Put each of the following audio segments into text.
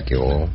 que o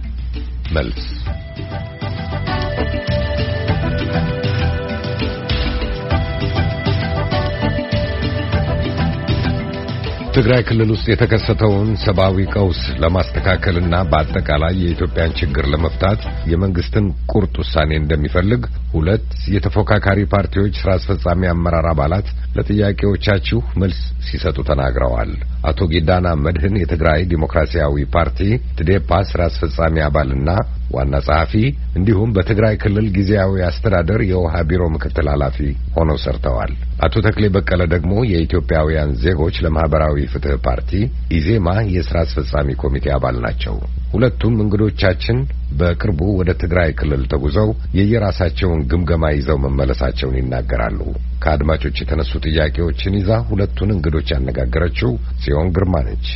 ትግራይ ክልል ውስጥ የተከሰተውን ሰብአዊ ቀውስ ለማስተካከልና በአጠቃላይ የኢትዮጵያን ችግር ለመፍታት የመንግስትን ቁርጥ ውሳኔ እንደሚፈልግ ሁለት የተፎካካሪ ፓርቲዎች ስራ አስፈጻሚ አመራር አባላት ለጥያቄዎቻችሁ መልስ ሲሰጡ ተናግረዋል። አቶ ጊዳና መድህን የትግራይ ዲሞክራሲያዊ ፓርቲ ትዴፓ ስራ አስፈጻሚ አባልና ዋና ጸሐፊ እንዲሁም በትግራይ ክልል ጊዜያዊ አስተዳደር የውሃ ቢሮ ምክትል ኃላፊ ሆነው ሰርተዋል። አቶ ተክሌ በቀለ ደግሞ የኢትዮጵያውያን ዜጎች ለማህበራዊ ፍትህ ፓርቲ ኢዜማ የስራ አስፈጻሚ ኮሚቴ አባል ናቸው። ሁለቱም እንግዶቻችን በቅርቡ ወደ ትግራይ ክልል ተጉዘው የየራሳቸውን ግምገማ ይዘው መመለሳቸውን ይናገራሉ። ከአድማጮች የተነሱ ጥያቄዎችን ይዛ ሁለቱን እንግዶች ያነጋገረችው ጽዮን ግርማ ነች።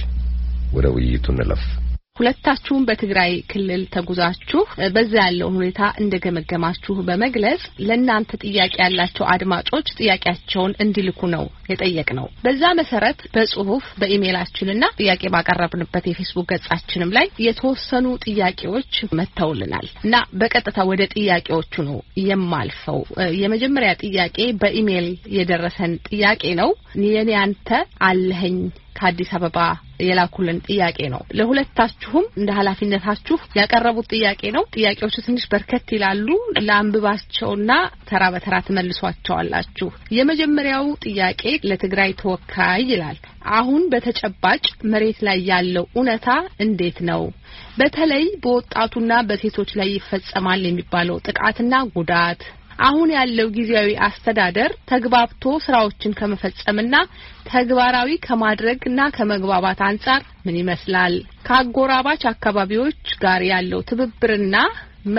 ወደ ውይይቱ እንለፍ። ሁለታችሁም በትግራይ ክልል ተጉዛችሁ በዛ ያለውን ሁኔታ እንደገመገማችሁ በመግለጽ ለእናንተ ጥያቄ ያላቸው አድማጮች ጥያቄያቸውን እንዲልኩ ነው የጠየቅ ነው። በዛ መሰረት በጽሁፍ በኢሜይላችንና ጥያቄ ባቀረብንበት የፌስቡክ ገጻችንም ላይ የተወሰኑ ጥያቄዎች መጥተውልናል እና በቀጥታ ወደ ጥያቄዎቹ ነው የማልፈው። የመጀመሪያ ጥያቄ በኢሜይል የደረሰን ጥያቄ ነው። የኔ አንተ አለኸኝ ከአዲስ አበባ የላኩልን ጥያቄ ነው። ለሁለታችሁም እንደ ኃላፊነታችሁ ያቀረቡት ጥያቄ ነው። ጥያቄዎቹ ትንሽ በርከት ይላሉ። ለአንብባቸውና ተራ በተራ ትመልሷቸዋላችሁ። የመጀመሪያው ጥያቄ ለትግራይ ተወካይ ይላል። አሁን በተጨባጭ መሬት ላይ ያለው እውነታ እንዴት ነው? በተለይ በወጣቱና በሴቶች ላይ ይፈጸማል የሚባለው ጥቃትና ጉዳት አሁን ያለው ጊዜያዊ አስተዳደር ተግባብቶ ስራዎችን ከመፈጸምና ተግባራዊ ከማድረግና ከመግባባት አንጻር ምን ይመስላል? ከአጎራባች አካባቢዎች ጋር ያለው ትብብርና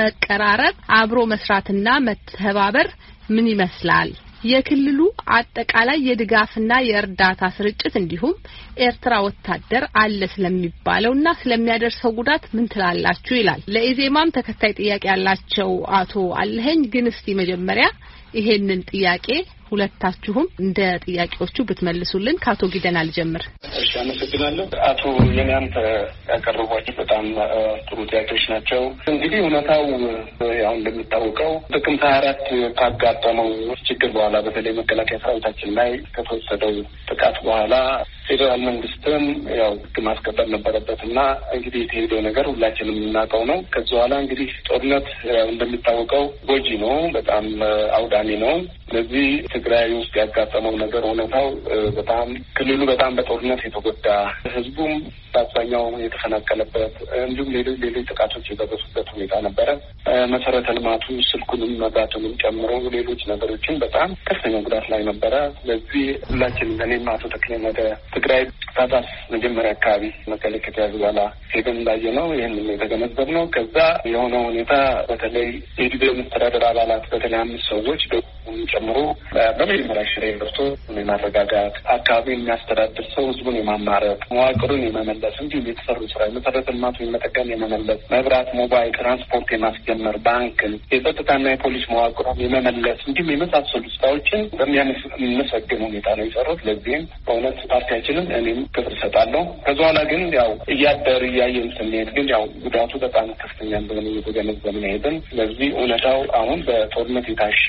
መቀራረብ፣ አብሮ መስራትና መተባበር ምን ይመስላል? የክልሉ አጠቃላይ የድጋፍና የእርዳታ ስርጭት እንዲሁም ኤርትራ ወታደር አለ ስለሚባለውና ስለሚያደርሰው ጉዳት ምን ትላላችሁ? ይላል። ለኢዜማም ተከታይ ጥያቄ ያላቸው አቶ አለኸኝ ግን እስቲ መጀመሪያ ይሄንን ጥያቄ ሁለታችሁም እንደ ጥያቄዎቹ ብትመልሱልን። ከአቶ ጊደን አልጀምር። እሺ፣ አመሰግናለሁ። አቶ የኒያም ያቀረቧቸው በጣም ጥሩ ጥያቄዎች ናቸው። እንግዲህ እውነታው ያው እንደሚታወቀው ጥቅምት ሀያ አራት ካጋጠመው ችግር በኋላ በተለይ መከላከያ ሰራዊታችን ላይ ከተወሰደው ጥቃት በኋላ ፌዴራል መንግስትም ያው ህግ ማስከበር ነበረበት እና እንግዲህ የተሄደው ነገር ሁላችንም የምናውቀው ነው። ከዚ በኋላ እንግዲህ ጦርነት እንደሚታወቀው ጎጂ ነው፣ በጣም አውዳሚ ነው። ስለዚህ ትግራይ ውስጥ ያጋጠመው ነገር እውነታው በጣም ክልሉ በጣም በጦርነት የተጎዳ ህዝቡም በአብዛኛው የተፈናቀለበት እንዲሁም ሌሎች ሌሎች ጥቃቶች የደረሱበት ሁኔታ ነበረ። መሰረተ ልማቱ ስልኩንም መብራቱንም ጨምሮ ሌሎች ነገሮችን በጣም ከፍተኛ ጉዳት ላይ ነበረ። ስለዚህ ሁላችንም እኔም አቶ ተክሌ ነገ ትግራይ ታታስ መጀመሪያ አካባቢ መቀሌ ከተያዙ በኋላ ሄደን እንዳየ ነው። ይህንም የተገነዘብ ነው። ከዛ የሆነ ሁኔታ በተለይ የጊዜ መስተዳደር አባላት በተለይ አምስት ሰዎች ጨምሮ በመጀመሪያ ሽሬ ገብቶ የማረጋጋት አካባቢ የሚያስተዳድር ሰው ህዝቡን የማማረቅ መዋቅሩን የመመለስ እንዲሁም የተሰሩ ስራ መሰረተ ልማቱ የመጠቀም የመመለስ መብራት፣ ሞባይል፣ ትራንስፖርት የማስጀመር ባንክን፣ የጸጥታና የፖሊስ መዋቅሩን የመመለስ እንዲሁም የመሳሰሉ ስራዎችን በሚያመሰግን ሁኔታ ነው የሰሩት። ለዚህም በእውነት ፓርቲያችንም እኔም ክብር እሰጣለሁ። ከዚ በኋላ ግን ያው እያደር እያየን ስንሄድ ግን ያው ጉዳቱ በጣም ከፍተኛ እንደሆነ እየተገነዘብን ሄድን። ስለዚህ እውነታው አሁን በጦርነት የታሸ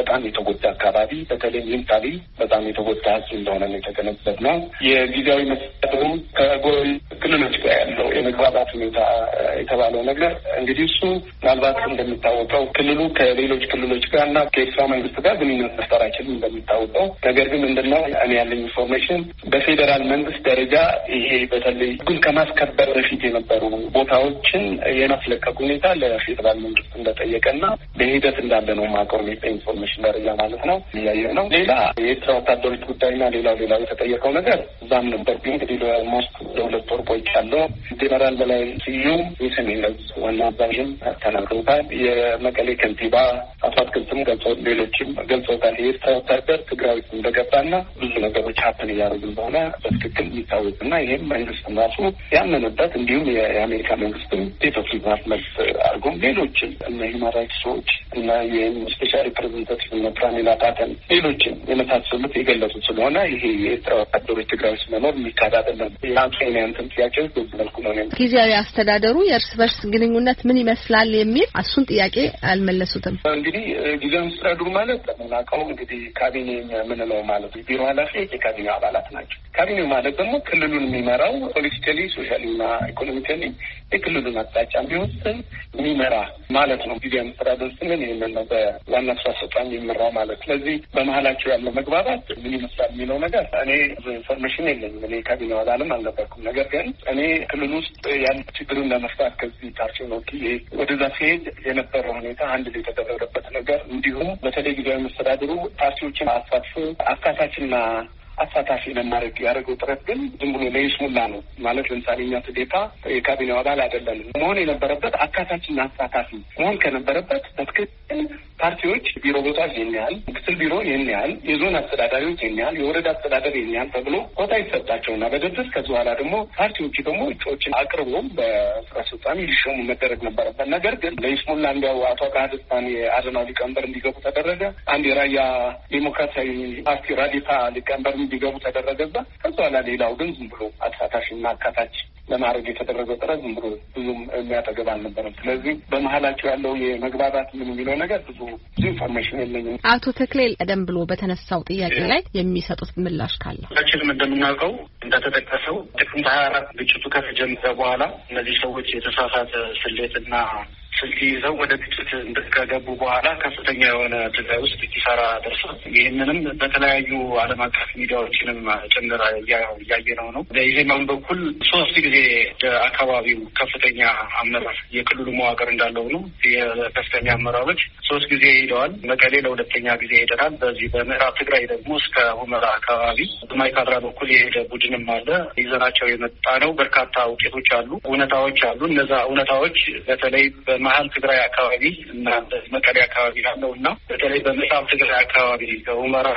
በጣም የተጎዳ አካባቢ በተለይ ምንታሊ በጣም የተጎዳ ህዝብ እንደሆነ ነው የተገነዘብ ነው። የጊዜያዊ መስተዳድሩም ክልሎች ጋር ያለው የመግባባት ሁኔታ የተባለው ነገር እንግዲህ እሱ ምናልባት እንደሚታወቀው ክልሉ ከሌሎች ክልሎች ጋር እና ከኤርትራ መንግስት ጋር ግንኙነት መፍጠር አይችልም እንደሚታወቀው። ነገር ግን ምንድነው እኔ ያለኝ ኢንፎርሜሽን በፌዴራል መንግስት ደረጃ ይሄ በተለይ ህጉን ከማስከበር በፊት የነበሩ ቦታዎችን የማስለቀቅ ሁኔታ ለፌዴራል መንግስት እንደጠየቀ እና በሂደት እንዳለ ነው የማውቀው ኢንፎርሜሽን በትንሽ ደረጃ ማለት ነው እያየ ነው። ሌላ የኤርትራ ወታደሮች ጉዳይና ሌላው ሌላው የተጠየቀው ነገር እዛም ነበር። ግን እንግዲህ ለሞስት ለሁለት ወር ቆይቻለሁ። ጄኔራል በላይ ስዩም የሰሜን ዕዝ ዋና አዛዥም ተናግረውታል። የመቀሌ ከንቲባ አቶ አትክልትም ገልጾ ሌሎችም ገልጾታል። የኤርትራ ወታደር ትግራዊ እንደገባና ብዙ ነገሮች ሀፕን እያደረጉ እንደሆነ በትክክል የሚታወቅና ይህም መንግስትም ራሱ ያመነበት እንዲሁም የአሜሪካ መንግስትም ቤቶፍ መልስ አድርጎም ሌሎችም እነ ሂውማን ራይትስ ዎች እና ይህም ስፔሻል ሪፕሬዘንታ የገለጹት ፕራሜላ ፓተን፣ ሌሎችም የመሳሰሉት የገለጹት ስለሆነ ይሄ የኤርትራ ወታደሮች ትግራይ ውስጥ መኖር የሚካድ አይደለም። የአንቶኒያንትን ጥያቄዎች በዚህ መልኩ ነው ነ ጊዜያዊ አስተዳደሩ የእርስ በርስ ግንኙነት ምን ይመስላል የሚል እሱን ጥያቄ አልመለሱትም። እንግዲህ ጊዜያዊ አስተዳደሩ ማለት የምናውቀው እንግዲህ ካቢኔ የምንለው ማለት ቢሮ ኃላፊ የካቢኔው አባላት ናቸው። ካቢኔው ማለት ደግሞ ክልሉን የሚመራው ፖለቲካሊ፣ ሶሻሊ ሶሻሊና ኢኮኖሚካሊ የክልሉን አቅጣጫ ቢወስን የሚመራ ማለት ነው። ጊዜያዊ አስተዳደሩ ስንል ይህንን ነው። በዋና ስራ አስፈጻሚ የሚመራው ማለት። ስለዚህ በመሀላቸው ያለው መግባባት ምን ይመስላል የሚለው ነገር እኔ ኢንፎርሜሽን የለኝም። እኔ ካቢኔ አባልም አልነበርኩም። ነገር ግን እኔ ክልል ውስጥ ያን ችግርን ለመፍታት ከዚህ ታርቸው ነው ወደዛ ሲሄድ የነበረው ሁኔታ አንድ ላይ የተደረገበት ነገር እንዲሁም በተለይ ጊዜያዊ መስተዳድሩ ፓርቲዎችን አሳትፎ አካታችና አሳታፊ ለማድረግ ያደረገው ጥረት ግን ዝም ብሎ ለይስሙላ ነው ማለት ለምሳሌ እኛ ትዴታ የካቢኔው አባል አይደለንም። መሆን የነበረበት አካታችና አሳታፊ መሆን ከነበረበት በትክክል ፓርቲዎች ቢሮ ቦታዎች ይህን ያህል፣ ምክትል ቢሮ ይህን ያህል፣ የዞን አስተዳዳሪዎች ይህን ያህል፣ የወረዳ አስተዳደር ይህን ያህል ተብሎ ቦታ ይሰጣቸውና በደብስ ከዚ በኋላ ደግሞ ፓርቲዎቹ ደግሞ እጩዎችን አቅርቦ በስራ አስፈጻሚ ሊሾሙ መደረግ ነበረበት። ነገር ግን ለይስሙላ እንዲያው አቶ ካህድስታን የአረና ሊቀመንበር እንዲገቡ ተደረገ። አንድ የራያ ዴሞክራሲያዊ ፓርቲ ራዲፓ ሊቀመንበር እንዲገቡ ተደረገበት ከዛ በኋላ ሌላው ግን ዝም ብሎ አካታሽ እና አካታች ለማድረግ የተደረገ ጥረት ዝም ብሎ ብዙም የሚያጠገብ አልነበረም። ስለዚህ በመሀላቸው ያለው የመግባባት ምን የሚለው ነገር ብዙ ብዙ ኢንፎርሜሽን የለኝም። አቶ ተክሌል ቀደም ብሎ በተነሳው ጥያቄ ላይ የሚሰጡት ምላሽ ካለ ሁላችንም እንደምናውቀው እንደተጠቀሰው ጥቅምት ሀያ አራት ግጭቱ ከተጀመረ በኋላ እነዚህ ሰዎች የተሳሳተ ስሌትና ስልክ ይዘው ወደ ግጭት ከገቡ በኋላ ከፍተኛ የሆነ ትግራይ ውስጥ ኪሳራ ደርሷል። ይህንንም በተለያዩ ዓለም አቀፍ ሚዲያዎችንም ጭምር እያየነው ነው። በኢዜማም በኩል ሶስት ጊዜ አካባቢው ከፍተኛ አመራር የክልሉ መዋቅር እንዳለው ነው። የከፍተኛ አመራሮች ሶስት ጊዜ ሄደዋል። መቀሌ ለሁለተኛ ጊዜ ሄደናል። በዚህ በምዕራብ ትግራይ ደግሞ እስከ ሁመራ አካባቢ በማይካድራ በኩል የሄደ ቡድንም አለ። ይዘናቸው የመጣ ነው። በርካታ ውጤቶች አሉ፣ እውነታዎች አሉ። እነዛ እውነታዎች በተለይ በማ መሀል ትግራይ አካባቢ እና መቀሌ አካባቢ ያለው እና በተለይ በምዕራብ ትግራይ አካባቢ በሁመራ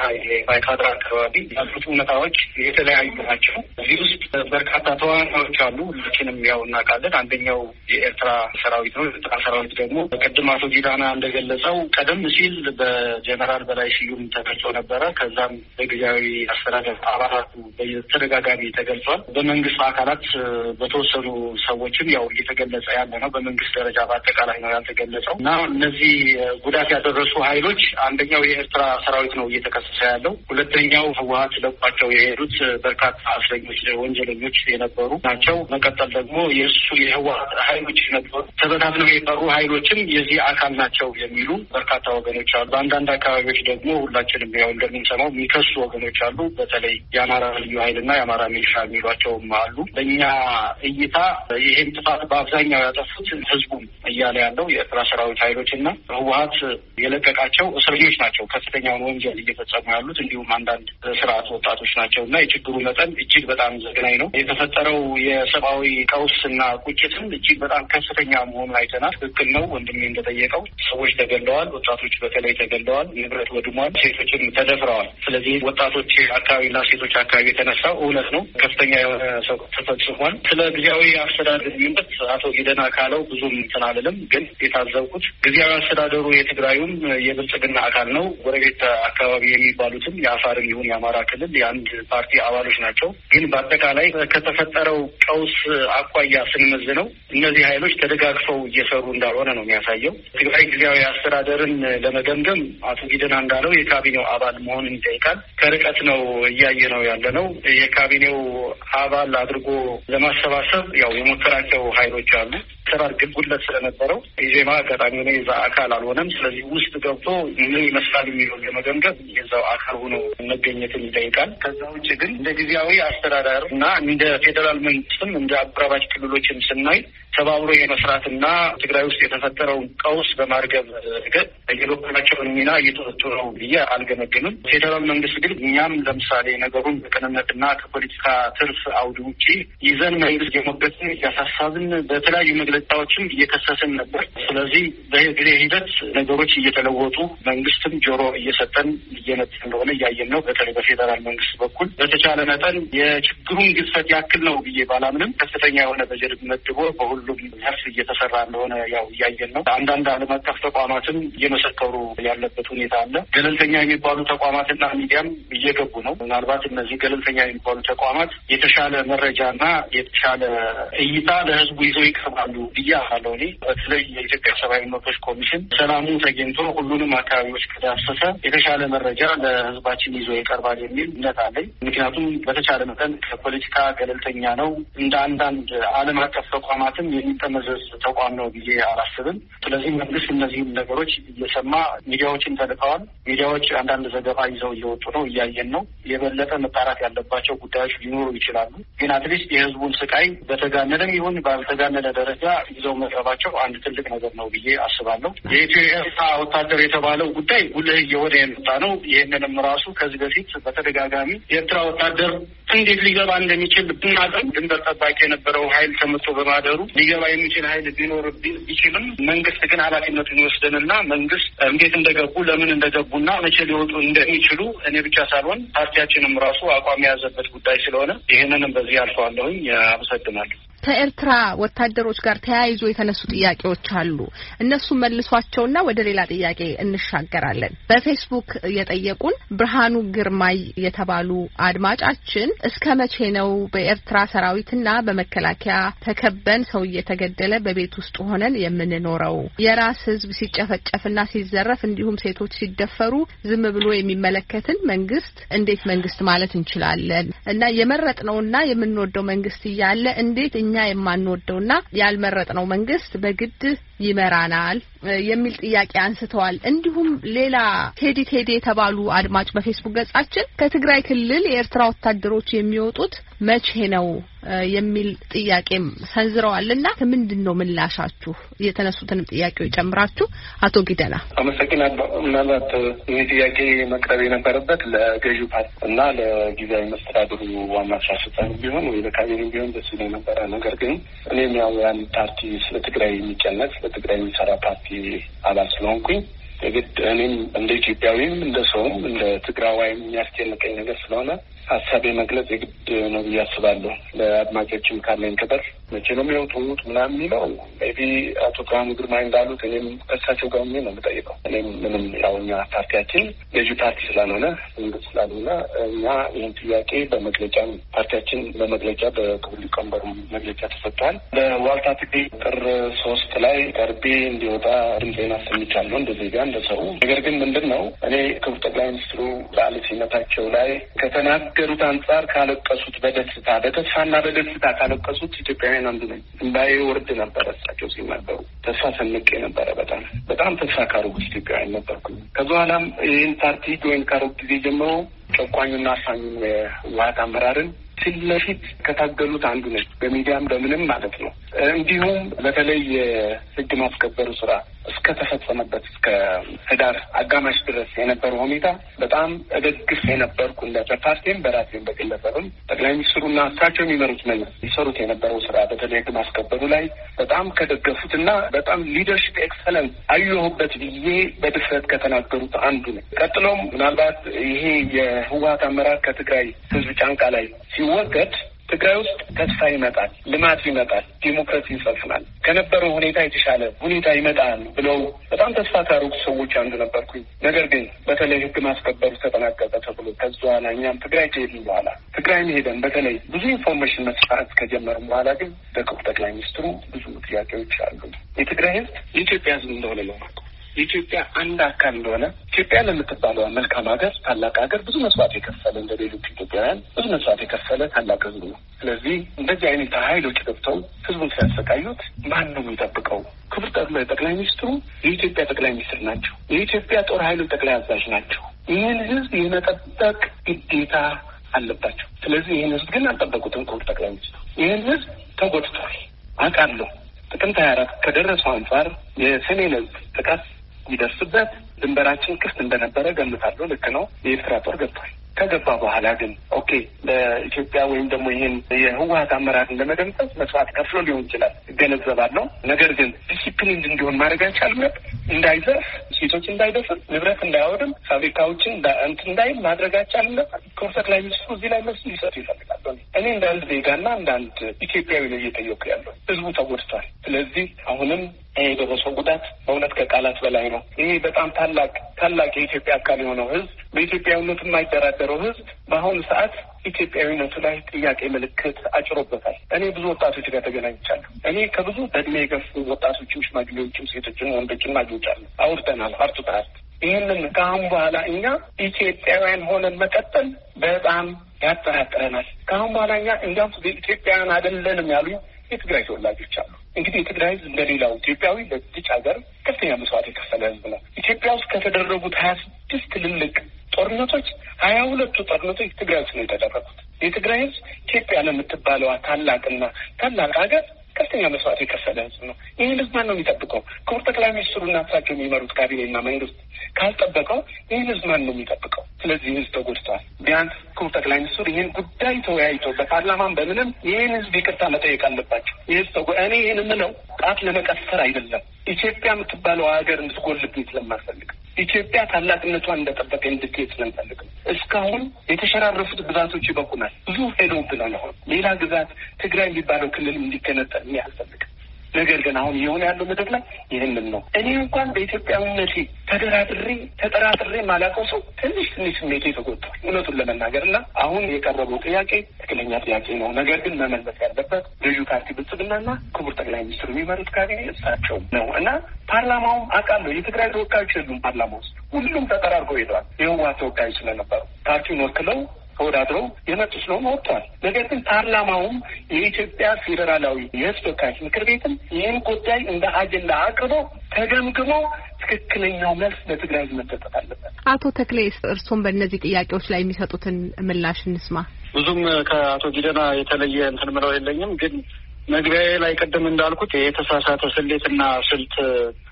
ባይካድራ አካባቢ ያሉት እውነታዎች የተለያዩ ናቸው። እዚህ ውስጥ በርካታ ተዋናዮች አሉ። ሁላችንም ያው እናውቃለን። አንደኛው የኤርትራ ሰራዊት ነው። የኤርትራ ሰራዊት ደግሞ በቅድም አቶ ጊዳና እንደገለጸው ቀደም ሲል በጀነራል በላይ ስዩም ተገልጾ ነበረ። ከዛም በጊዜያዊ አስተዳደር አባላቱ በተደጋጋሚ ተገልጿል። በመንግስት አካላት በተወሰኑ ሰዎችም ያው እየተገለጸ ያለ ነው። በመንግስት ደረጃ ባጠ አጠቃላይ ነው ያልተገለጸው እና እነዚህ ጉዳት ያደረሱ ኃይሎች አንደኛው የኤርትራ ሰራዊት ነው እየተከሰሰ ያለው። ሁለተኛው ህወሀት ለቋቸው የሄዱት በርካታ አስረኞች፣ ወንጀለኞች የነበሩ ናቸው። መቀጠል ደግሞ የእሱ የህወሀት ኃይሎች ነበሩ ተበታትነው የቀሩ ኃይሎችም የዚህ አካል ናቸው የሚሉ በርካታ ወገኖች አሉ። በአንዳንድ አካባቢዎች ደግሞ ሁላችንም ያው እንደምንሰማው የሚከሱ ወገኖች አሉ። በተለይ የአማራ ልዩ ኃይልና የአማራ ሚሊሻ የሚሏቸውም አሉ። በእኛ እይታ ይህም ጥፋት በአብዛኛው ያጠፉት ህዝቡም እያለ ያለው የኤርትራ ሰራዊት ኃይሎች እና ህወሀት የለቀቃቸው እስረኞች ናቸው ከፍተኛውን ወንጀል እየፈጸሙ ያሉት እንዲሁም አንዳንድ ስርዓት ወጣቶች ናቸው እና የችግሩ መጠን እጅግ በጣም ዘግናኝ ነው። የተፈጠረው የሰብአዊ ቀውስ እና ቁጭትም እጅግ በጣም ከፍተኛ መሆኑን አይተናል። ትክክል ነው ወንድሜ እንደጠየቀው ሰዎች ተገለዋል። ወጣቶች በተለይ ተገለዋል። ንብረት ወድሟል። ሴቶችም ተደፍረዋል። ስለዚህ ወጣቶች አካባቢና ሴቶች አካባቢ የተነሳው እውነት ነው ከፍተኛ የሆነ ሰው ተፈጽሟል። ስለ ጊዜያዊ አስተዳደር ሚመት አቶ ጊደና ካለው ብዙም እንትን አልልም አይደለም። ግን የታዘብኩት ጊዜያዊ አስተዳደሩ የትግራዩም የብልጽግና አካል ነው። ጎረቤት አካባቢ የሚባሉትም የአፋርም ይሁን የአማራ ክልል የአንድ ፓርቲ አባሎች ናቸው። ግን በአጠቃላይ ከተፈጠረው ቀውስ አኳያ ስንመዝነው እነዚህ ኃይሎች ተደጋግፈው እየሰሩ እንዳልሆነ ነው የሚያሳየው። ትግራይ ጊዜያዊ አስተዳደርን ለመገምገም አቶ ጊደና እንዳለው የካቢኔው አባል መሆንን ይጠይቃል። ከርቀት ነው እያየ ነው ያለ ነው። የካቢኔው አባል አድርጎ ለማሰባሰብ ያው የሞከራቸው ኃይሎች አሉ። ከባድ ግን ስለነበረው ኢዜማ አጋጣሚ ሆነ የዛ አካል አልሆነም። ስለዚህ ውስጥ ገብቶ ምን ይመስላል የሚለው ለመገምገም የዛው አካል ሆኖ መገኘትን ይጠይቃል። ከዛ ውጭ ግን እንደ ጊዜያዊ አስተዳደር እና እንደ ፌዴራል መንግስትም እንደ አጎራባች ክልሎችም ስናይ ተባብሮ የመስራትና ትግራይ ውስጥ የተፈጠረውን ቀውስ በማርገብ ረገድ የበኩላቸውን ሚና እየተወጡ ነው ብዬ አልገመገምም። ፌዴራል መንግስት ግን እኛም ለምሳሌ ነገሩን በቅንነትና ከፖለቲካ ትርፍ አውድ ውጪ ይዘን መንግስት የሞገትን እያሳሳብን በተለያዩ ግልታዎችም እየከሰስን ነበር። ስለዚህ በጊዜ ሂደት ነገሮች እየተለወጡ መንግስትም ጆሮ እየሰጠን እየመጥ እንደሆነ እያየን ነው። በተለይ በፌደራል መንግስት በኩል በተቻለ መጠን የችግሩን ግዝፈት ያክል ነው ብዬ ባላምንም ከፍተኛ የሆነ በጀት መድቦ በሁሉም ዘርፍ እየተሰራ እንደሆነ ያው እያየን ነው። አንዳንድ ዓለም አቀፍ ተቋማትም እየመሰከሩ ያለበት ሁኔታ አለ። ገለልተኛ የሚባሉ ተቋማትና ሚዲያም እየገቡ ነው። ምናልባት እነዚህ ገለልተኛ የሚባሉ ተቋማት የተሻለ መረጃና የተሻለ እይታ ለህዝቡ ይዘው ይቀርባሉ ብዬ አለው። በተለይ የኢትዮጵያ ሰብአዊ መብቶች ኮሚሽን ሰላሙ ተገኝቶ ሁሉንም አካባቢዎች ከዳሰሰ የተሻለ መረጃ ለህዝባችን ይዞ ይቀርባል የሚል እምነት አለኝ። ምክንያቱም በተቻለ መጠን ከፖለቲካ ገለልተኛ ነው። እንደ አንዳንድ ዓለም አቀፍ ተቋማትም የሚጠመዘዝ ተቋም ነው ብዬ አላስብም። ስለዚህ መንግስት እነዚህም ነገሮች እየሰማ ሚዲያዎችን ተልከዋል። ሚዲያዎች አንዳንድ ዘገባ ይዘው እየወጡ ነው፣ እያየን ነው። የበለጠ መጣራት ያለባቸው ጉዳዮች ሊኖሩ ይችላሉ። ግን አትሊስት የህዝቡን ስቃይ በተጋነደም ይሁን ባልተጋነደ ደረጃ ይዘው መቅረባቸው አንድ ትልቅ ነገር ነው ብዬ አስባለሁ። የኢትዮ ኤርትራ ወታደር የተባለው ጉዳይ ጉልህ እየሆነ የመጣ ነው። ይህንንም ራሱ ከዚህ በፊት በተደጋጋሚ የኤርትራ ወታደር እንዴት ሊገባ እንደሚችል ብናቅም ድንበር ጠባቂ የነበረው ኃይል ተመቶ በማደሩ ሊገባ የሚችል ኃይል ቢኖር ቢችልም መንግስት ግን ኃላፊነቱን ይወስደንና መንግስት እንዴት እንደገቡ ለምን እንደገቡና መቼ ሊወጡ እንደሚችሉ እኔ ብቻ ሳልሆን ፓርቲያችንም ራሱ አቋም የያዘበት ጉዳይ ስለሆነ ይህንንም በዚህ አልፈዋለሁኝ። አመሰግናለሁ። ከኤርትራ ወታደሮች ጋር ተያይዞ የተነሱ ጥያቄዎች አሉ። እነሱ መልሷቸውና ወደ ሌላ ጥያቄ እንሻገራለን። በፌስቡክ የጠየቁን ብርሃኑ ግርማይ የተባሉ አድማጫችን እስከ መቼ ነው በኤርትራ ሰራዊትና በመከላከያ ተከበን ሰው እየተገደለ በቤት ውስጥ ሆነን የምንኖረው? የራስ ህዝብ ሲጨፈጨፍና ሲዘረፍ እንዲሁም ሴቶች ሲደፈሩ ዝም ብሎ የሚመለከትን መንግስት እንዴት መንግስት ማለት እንችላለን? እና የመረጥነውና የምንወደው መንግስት እያለ እንዴት እኛ የማንወደውና ያልመረጥነው መንግስት በግድ ይመራናል የሚል ጥያቄ አንስተዋል። እንዲሁም ሌላ ቴዲ ቴዲ የተባሉ አድማጭ በፌስቡክ ገጻችን ከትግራይ ክልል የኤርትራ ወታደሮች የሚወጡት መቼ ነው የሚል ጥያቄም ሰንዝረዋል እና ምንድን ነው ምላሻችሁ? የተነሱትንም ጥያቄው ጨምራችሁ አቶ ጊደና አመሰግናለሁ። ምናልባት ይህ ጥያቄ መቅረብ የነበረበት ለገዢው ፓርቲ እና ለጊዜያዊ መስተዳድሩ ዋና ስራ አስፈጻሚ ቢሆን ወይ ለካቢኔ ቢሆን ደስ ይለኝ ነበረ። ነገር ግን እኔም ያው ፓርቲ ስለ ትግራይ የሚጨነቅ ስለ ትግራይ የሚሰራ ፓርቲ አባል ስለሆንኩኝ የግድ እኔም እንደ ኢትዮጵያዊም እንደ ሰውም እንደ ትግራዋይም የሚያስጨንቀኝ ነገር ስለሆነ ሀሳብ የመግለጽ የግድ ነው ብዬ አስባለሁ። ለአድማጮችም ካለኝ ክብር መቼ ነው የሚወጡት ምናምን የሚለው ቢ አቶ ብርሃኑ ግርማ እንዳሉት እኔም ከእሳቸው ጋር ሆኜ ነው የምጠይቀው። እኔም ምንም ያው እኛ ፓርቲያችን ገዢ ፓርቲ ስላልሆነ መንግስት ስላልሆነ እኛ ይህን ጥያቄ በመግለጫ ፓርቲያችን በመግለጫ በክቡር ሊቀመንበሩ መግለጫ ተሰጥቷል። በዋልታ ትግሪ ጥር ሶስት ላይ ቀርቤ እንዲወጣ ድምፄን አሰምቻለሁ እንደ ዜጋ እንደ ሰው። ነገር ግን ምንድን ነው እኔ ክቡር ጠቅላይ ሚኒስትሩ በዓለ ሲመታቸው ላይ ከተናት ከተናገሩት አንጻር ካለቀሱት በደስታ በተስፋና በደስታ ካለቀሱት ኢትዮጵያውያን አንዱ ነኝ። እምባዬ ወርድ ነበረ እሳቸው ሲናገሩ። ተስፋ ሰንቄ ነበረ። በጣም በጣም ተስፋ ካረጉት ኢትዮጵያውያን ነበርኩ። ከዚ በኋላም ይህን ፓርቲ ወይም ካረጉት ጊዜ ጀምሮ ጨቋኙና አፋኙ የህወሀት አመራርን ፊት ለፊት ከታገሉት አንዱ ነች። በሚዲያም በምንም ማለት ነው። እንዲሁም በተለይ የህግ ማስከበሩ ስራ እስከተፈጸመበት እስከ ህዳር አጋማሽ ድረስ የነበረው ሁኔታ በጣም እደግፍ የነበርኩ እንደ በፓርቲም በራሴም በግለሰብም ጠቅላይ ሚኒስትሩና እሳቸው የሚመሩት መንግስት ሊሰሩት የነበረው ስራ በተለይ ህግ ማስከበሩ ላይ በጣም ከደገፉት እና በጣም ሊደርሽፕ ኤክሰለንስ አየሁበት ብዬ በድፍረት ከተናገሩት አንዱ ነው። ቀጥሎም ምናልባት ይሄ የህወሀት አመራር ከትግራይ ህዝብ ጫንቃ ላይ ሲወገድ ትግራይ ውስጥ ተስፋ ይመጣል፣ ልማት ይመጣል፣ ዲሞክራሲ ይሰፍናል፣ ከነበረው ሁኔታ የተሻለ ሁኔታ ይመጣል ብለው በጣም ተስፋ ካደረጉ ሰዎች አንዱ ነበርኩኝ። ነገር ግን በተለይ ህግ ማስከበሩ ተጠናቀቀ ተብሎ ከዚ በኋላ እኛም ትግራይ ከሄድን በኋላ ትግራይ መሄደን በተለይ ብዙ ኢንፎርሜሽን መስፋት ከጀመሩ በኋላ ግን በክቡር ጠቅላይ ሚኒስትሩ ብዙ ጥያቄዎች አሉ። የትግራይ ህዝብ የኢትዮጵያ ህዝብ እንደሆነ ለማቀ የኢትዮጵያ አንድ አካል እንደሆነ ኢትዮጵያ ለምትባለው መልካም ሀገር ታላቅ ሀገር ብዙ መስዋዕት የከፈለ እንደ ሌሎች ኢትዮጵያውያን ብዙ መስዋዕት የከፈለ ታላቅ ህዝብ ነው። ስለዚህ እንደዚህ አይነት ኃይሎች ገብተው ህዝቡን ሲያሰቃዩት ማን ነው የሚጠብቀው? ክቡር ጠቅላይ ሚኒስትሩ የኢትዮጵያ ጠቅላይ ሚኒስትር ናቸው። የኢትዮጵያ ጦር ኃይሎች ጠቅላይ አዛዥ ናቸው። ይህን ህዝብ የመጠበቅ ግዴታ አለባቸው። ስለዚህ ይህን ህዝብ ግን አልጠበቁትም። ክቡር ጠቅላይ ሚኒስትሩ ይህን ህዝብ ተጎድቷል አውቃለሁ። ጥቅምት ሀያ አራት ከደረሰው አንጻር የሰሜን ሕዝብ ጥቃት ይደርስበት ድንበራችን ክፍት እንደነበረ ገምታለሁ። ልክ ነው። የኤርትራ ጦር ገብቷል። ከገባ በኋላ ግን ኦኬ ለኢትዮጵያ ወይም ደግሞ ይህን የህወሀት አመራርን ለመደምሰስ መስዋዕት ከፍሎ ሊሆን ይችላል እገነዘባለሁ። ነገር ግን ዲሲፕሊን እንዲሆን ማድረግ አይቻልም። እንዳይዘርፍ፣ ሴቶች እንዳይደፍር፣ ንብረት እንዳያወድም፣ ፋብሪካዎችን እንትን እንዳይል ማድረግ አይቻልም። ጠቅላይ ሚኒስትሩ እዚህ ላይ መልስ ሊሰጡ ይፈልጋሉ። እኔ እንደ አንድ ዜጋና እንደ አንድ ኢትዮጵያዊ ነው እየጠየኩ ያለው። ህዝቡ ተጎድቷል። ስለዚህ አሁንም ይሄ የደረሰው ጉዳት በእውነት ከቃላት በላይ ነው። ይሄ በጣም ታ ታላቅ ታላቅ የኢትዮጵያ አካል የሆነው ህዝብ በኢትዮጵያዊነቱ የማይደራደረው ህዝብ በአሁኑ ሰዓት ኢትዮጵያዊነቱ ላይ ጥያቄ ምልክት አጭሮበታል። እኔ ብዙ ወጣቶች ጋር ተገናኝቻለሁ። እኔ ከብዙ በእድሜ የገፉ ወጣቶችም፣ ሽማግሌዎችም፣ ሴቶችን፣ ወንዶችን አግኝቻለሁ። አውርተናል፣ አርቱታል። ይህንን ከአሁን በኋላ እኛ ኢትዮጵያውያን ሆነን መቀጠል በጣም ያጠራጥረናል። ከአሁን በኋላ እኛ እንዲያውም ኢትዮጵያውያን አይደለንም ያሉ የትግራይ ተወላጆች አሉ። እንግዲህ የትግራይ ህዝብ እንደሌላው ኢትዮጵያዊ ለዚች ሀገር ከፍተኛ መስዋዕት የከፈለ ህዝብ ነው። ኢትዮጵያ ውስጥ ከተደረጉት ሀያ ስድስት ትልልቅ ጦርነቶች ሀያ ሁለቱ ጦርነቶች ትግራይ ውስጥ ነው የተደረጉት። የትግራይ ህዝብ ኢትዮጵያ ለምትባለዋ ታላቅና ታላቅ ሀገር ከፍተኛ መስዋዕት የከፈለ ህዝብ ነው። ይህን ህዝብ ማን ነው የሚጠብቀው? ክቡር ጠቅላይ ሚኒስትሩ እና እሳቸው የሚመሩት ካቢኔና መንግስት ካልጠበቀው ይህን ህዝብ ማን ነው የሚጠብቀው? ስለዚህ ህዝብ ተጎድቷል። ቢያንስ ክቡር ጠቅላይ ሚኒስትሩ ይህን ጉዳይ ተወያይቶ በፓርላማም በምንም ይህን ህዝብ ይቅርታ መጠየቅ አለባቸው። ይህ ህዝብ እኔ ይህን የምለው ጣት ለመቀሰር አይደለም። ኢትዮጵያ የምትባለው ሀገር እንድትጎልብኝ ስለማልፈልግ ኢትዮጵያ ታላቅነቷን እንደጠበቀ እንድትሄድ ስለምፈልግ እስካሁን የተሸራረፉት ግዛቶች ይበቁናል። ብዙ ሄደው ብለን ሌላ ግዛት ትግራይ የሚባለው ክልል እንዲገነጠል እኔ ነገር ግን አሁን እየሆነ ያለው ምድር ላይ ይህንን ነው። እኔ እንኳን በኢትዮጵያዊነት ተደራድሬ ተጠራጥሬ ማላውቀው ሰው ትንሽ ትንሽ ስሜት ተጎድቷል፣ እውነቱን ለመናገር እና አሁን የቀረበው ጥያቄ ትክክለኛ ጥያቄ ነው። ነገር ግን መመልመት ያለበት ልዩ ፓርቲ ብልጽግናና ክቡር ጠቅላይ ሚኒስትሩ የሚመሩት ካቢኔ እሳቸው ነው እና ፓርላማውም አውቃለሁ የትግራይ ተወካዮች የሉም ፓርላማ ውስጥ ሁሉም ተጠራርገው ሄደዋል። የህወሓት ተወካዮች ስለነበሩ ፓርቲውን ወክለው ተወዳድረው የመጡ ስለሆነ ወጥተዋል። ነገር ግን ፓርላማውም የኢትዮጵያ ፌዴራላዊ የሕዝብ ተወካዮች ምክር ቤትም ይህን ጉዳይ እንደ አጀንዳ አቅርቦ ተገምግሞ ትክክለኛው መልስ ለትግራይ ሕዝብ አለበት። አቶ ተክሌ እርስዎም በእነዚህ ጥያቄዎች ላይ የሚሰጡትን ምላሽ እንስማ። ብዙም ከአቶ ጊደና የተለየ እንትን ምለው የለኝም ግን መግቢያዬ ላይ ቅድም እንዳልኩት የተሳሳተ ስሌትና ስልት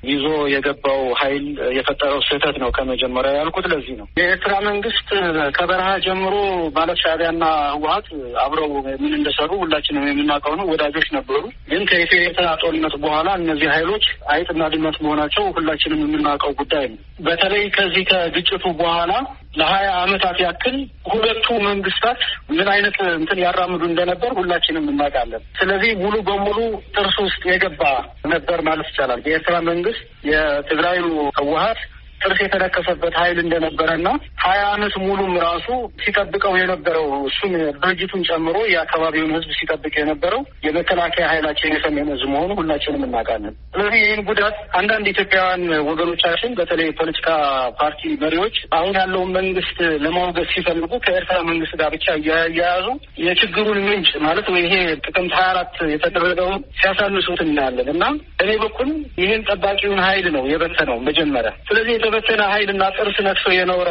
ይዞ የገባው ኃይል የፈጠረው ስህተት ነው ከመጀመሪያ ያልኩት ለዚህ ነው። የኤርትራ መንግስት ከበረሃ ጀምሮ ማለት ሻዕቢያና ህወሀት አብረው ምን እንደሰሩ ሁላችንም የምናውቀው ነው። ወዳጆች ነበሩ። ግን ከኢትዮ ኤርትራ ጦርነት በኋላ እነዚህ ኃይሎች አይጥና ድመት መሆናቸው ሁላችንም የምናውቀው ጉዳይ ነው። በተለይ ከዚህ ከግጭቱ በኋላ ለሀያ አመታት ያክል ሁለቱ መንግስታት ምን አይነት እንትን ያራምዱ እንደነበር ሁላችንም እናውቃለን። ስለዚህ ሙሉ በሙሉ ጥርስ ውስጥ የገባ ነበር ማለት ይቻላል የኤርትራ መንግስት የትግራዩ ህወሀት ጥርስ የተለከሰበት ኃይል እንደነበረና ሀያ አመት ሙሉም ራሱ ሲጠብቀው የነበረው እሱም ድርጅቱን ጨምሮ የአካባቢውን ህዝብ ሲጠብቅ የነበረው የመከላከያ ኃይላችን የሰሜን መሆኑ ሁላችንም እናውቃለን። ስለዚህ ይህን ጉዳት አንዳንድ ኢትዮጵያውያን ወገኖቻችን በተለይ የፖለቲካ ፓርቲ መሪዎች አሁን ያለውን መንግስት ለማውገዝ ሲፈልጉ ከኤርትራ መንግስት ጋር ብቻ እያያዙ የችግሩን ምንጭ ማለት ይሄ ጥቅምት ሀያ አራት የተደረገውን ሲያሳንሱት እናያለን እና እኔ በኩል ይህን ጠባቂውን ኃይል ነው የበተነው መጀመሪያ ስለዚህ በተበተነ ኃይልና ጥርስ ነክሶ የኖረ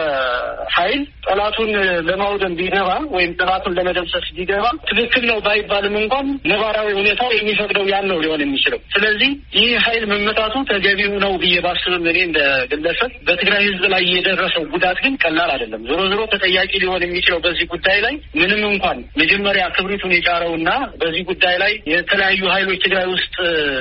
ኃይል ጠላቱን ለማውደም ቢገባ ወይም ጠላቱን ለመደምሰስ ቢገባ ትክክል ነው ባይባልም እንኳን ነባራዊ ሁኔታው የሚፈቅደው ያን ነው ሊሆን የሚችለው። ስለዚህ ይህ ኃይል መመታቱ ተገቢው ነው ብዬ ባስብም እኔ እንደ ግለሰብ በትግራይ ሕዝብ ላይ የደረሰው ጉዳት ግን ቀላል አይደለም። ዞሮ ዞሮ ተጠያቂ ሊሆን የሚችለው በዚህ ጉዳይ ላይ ምንም እንኳን መጀመሪያ ክብሪቱን የጫረውና በዚህ ጉዳይ ላይ የተለያዩ ኃይሎች ትግራይ ውስጥ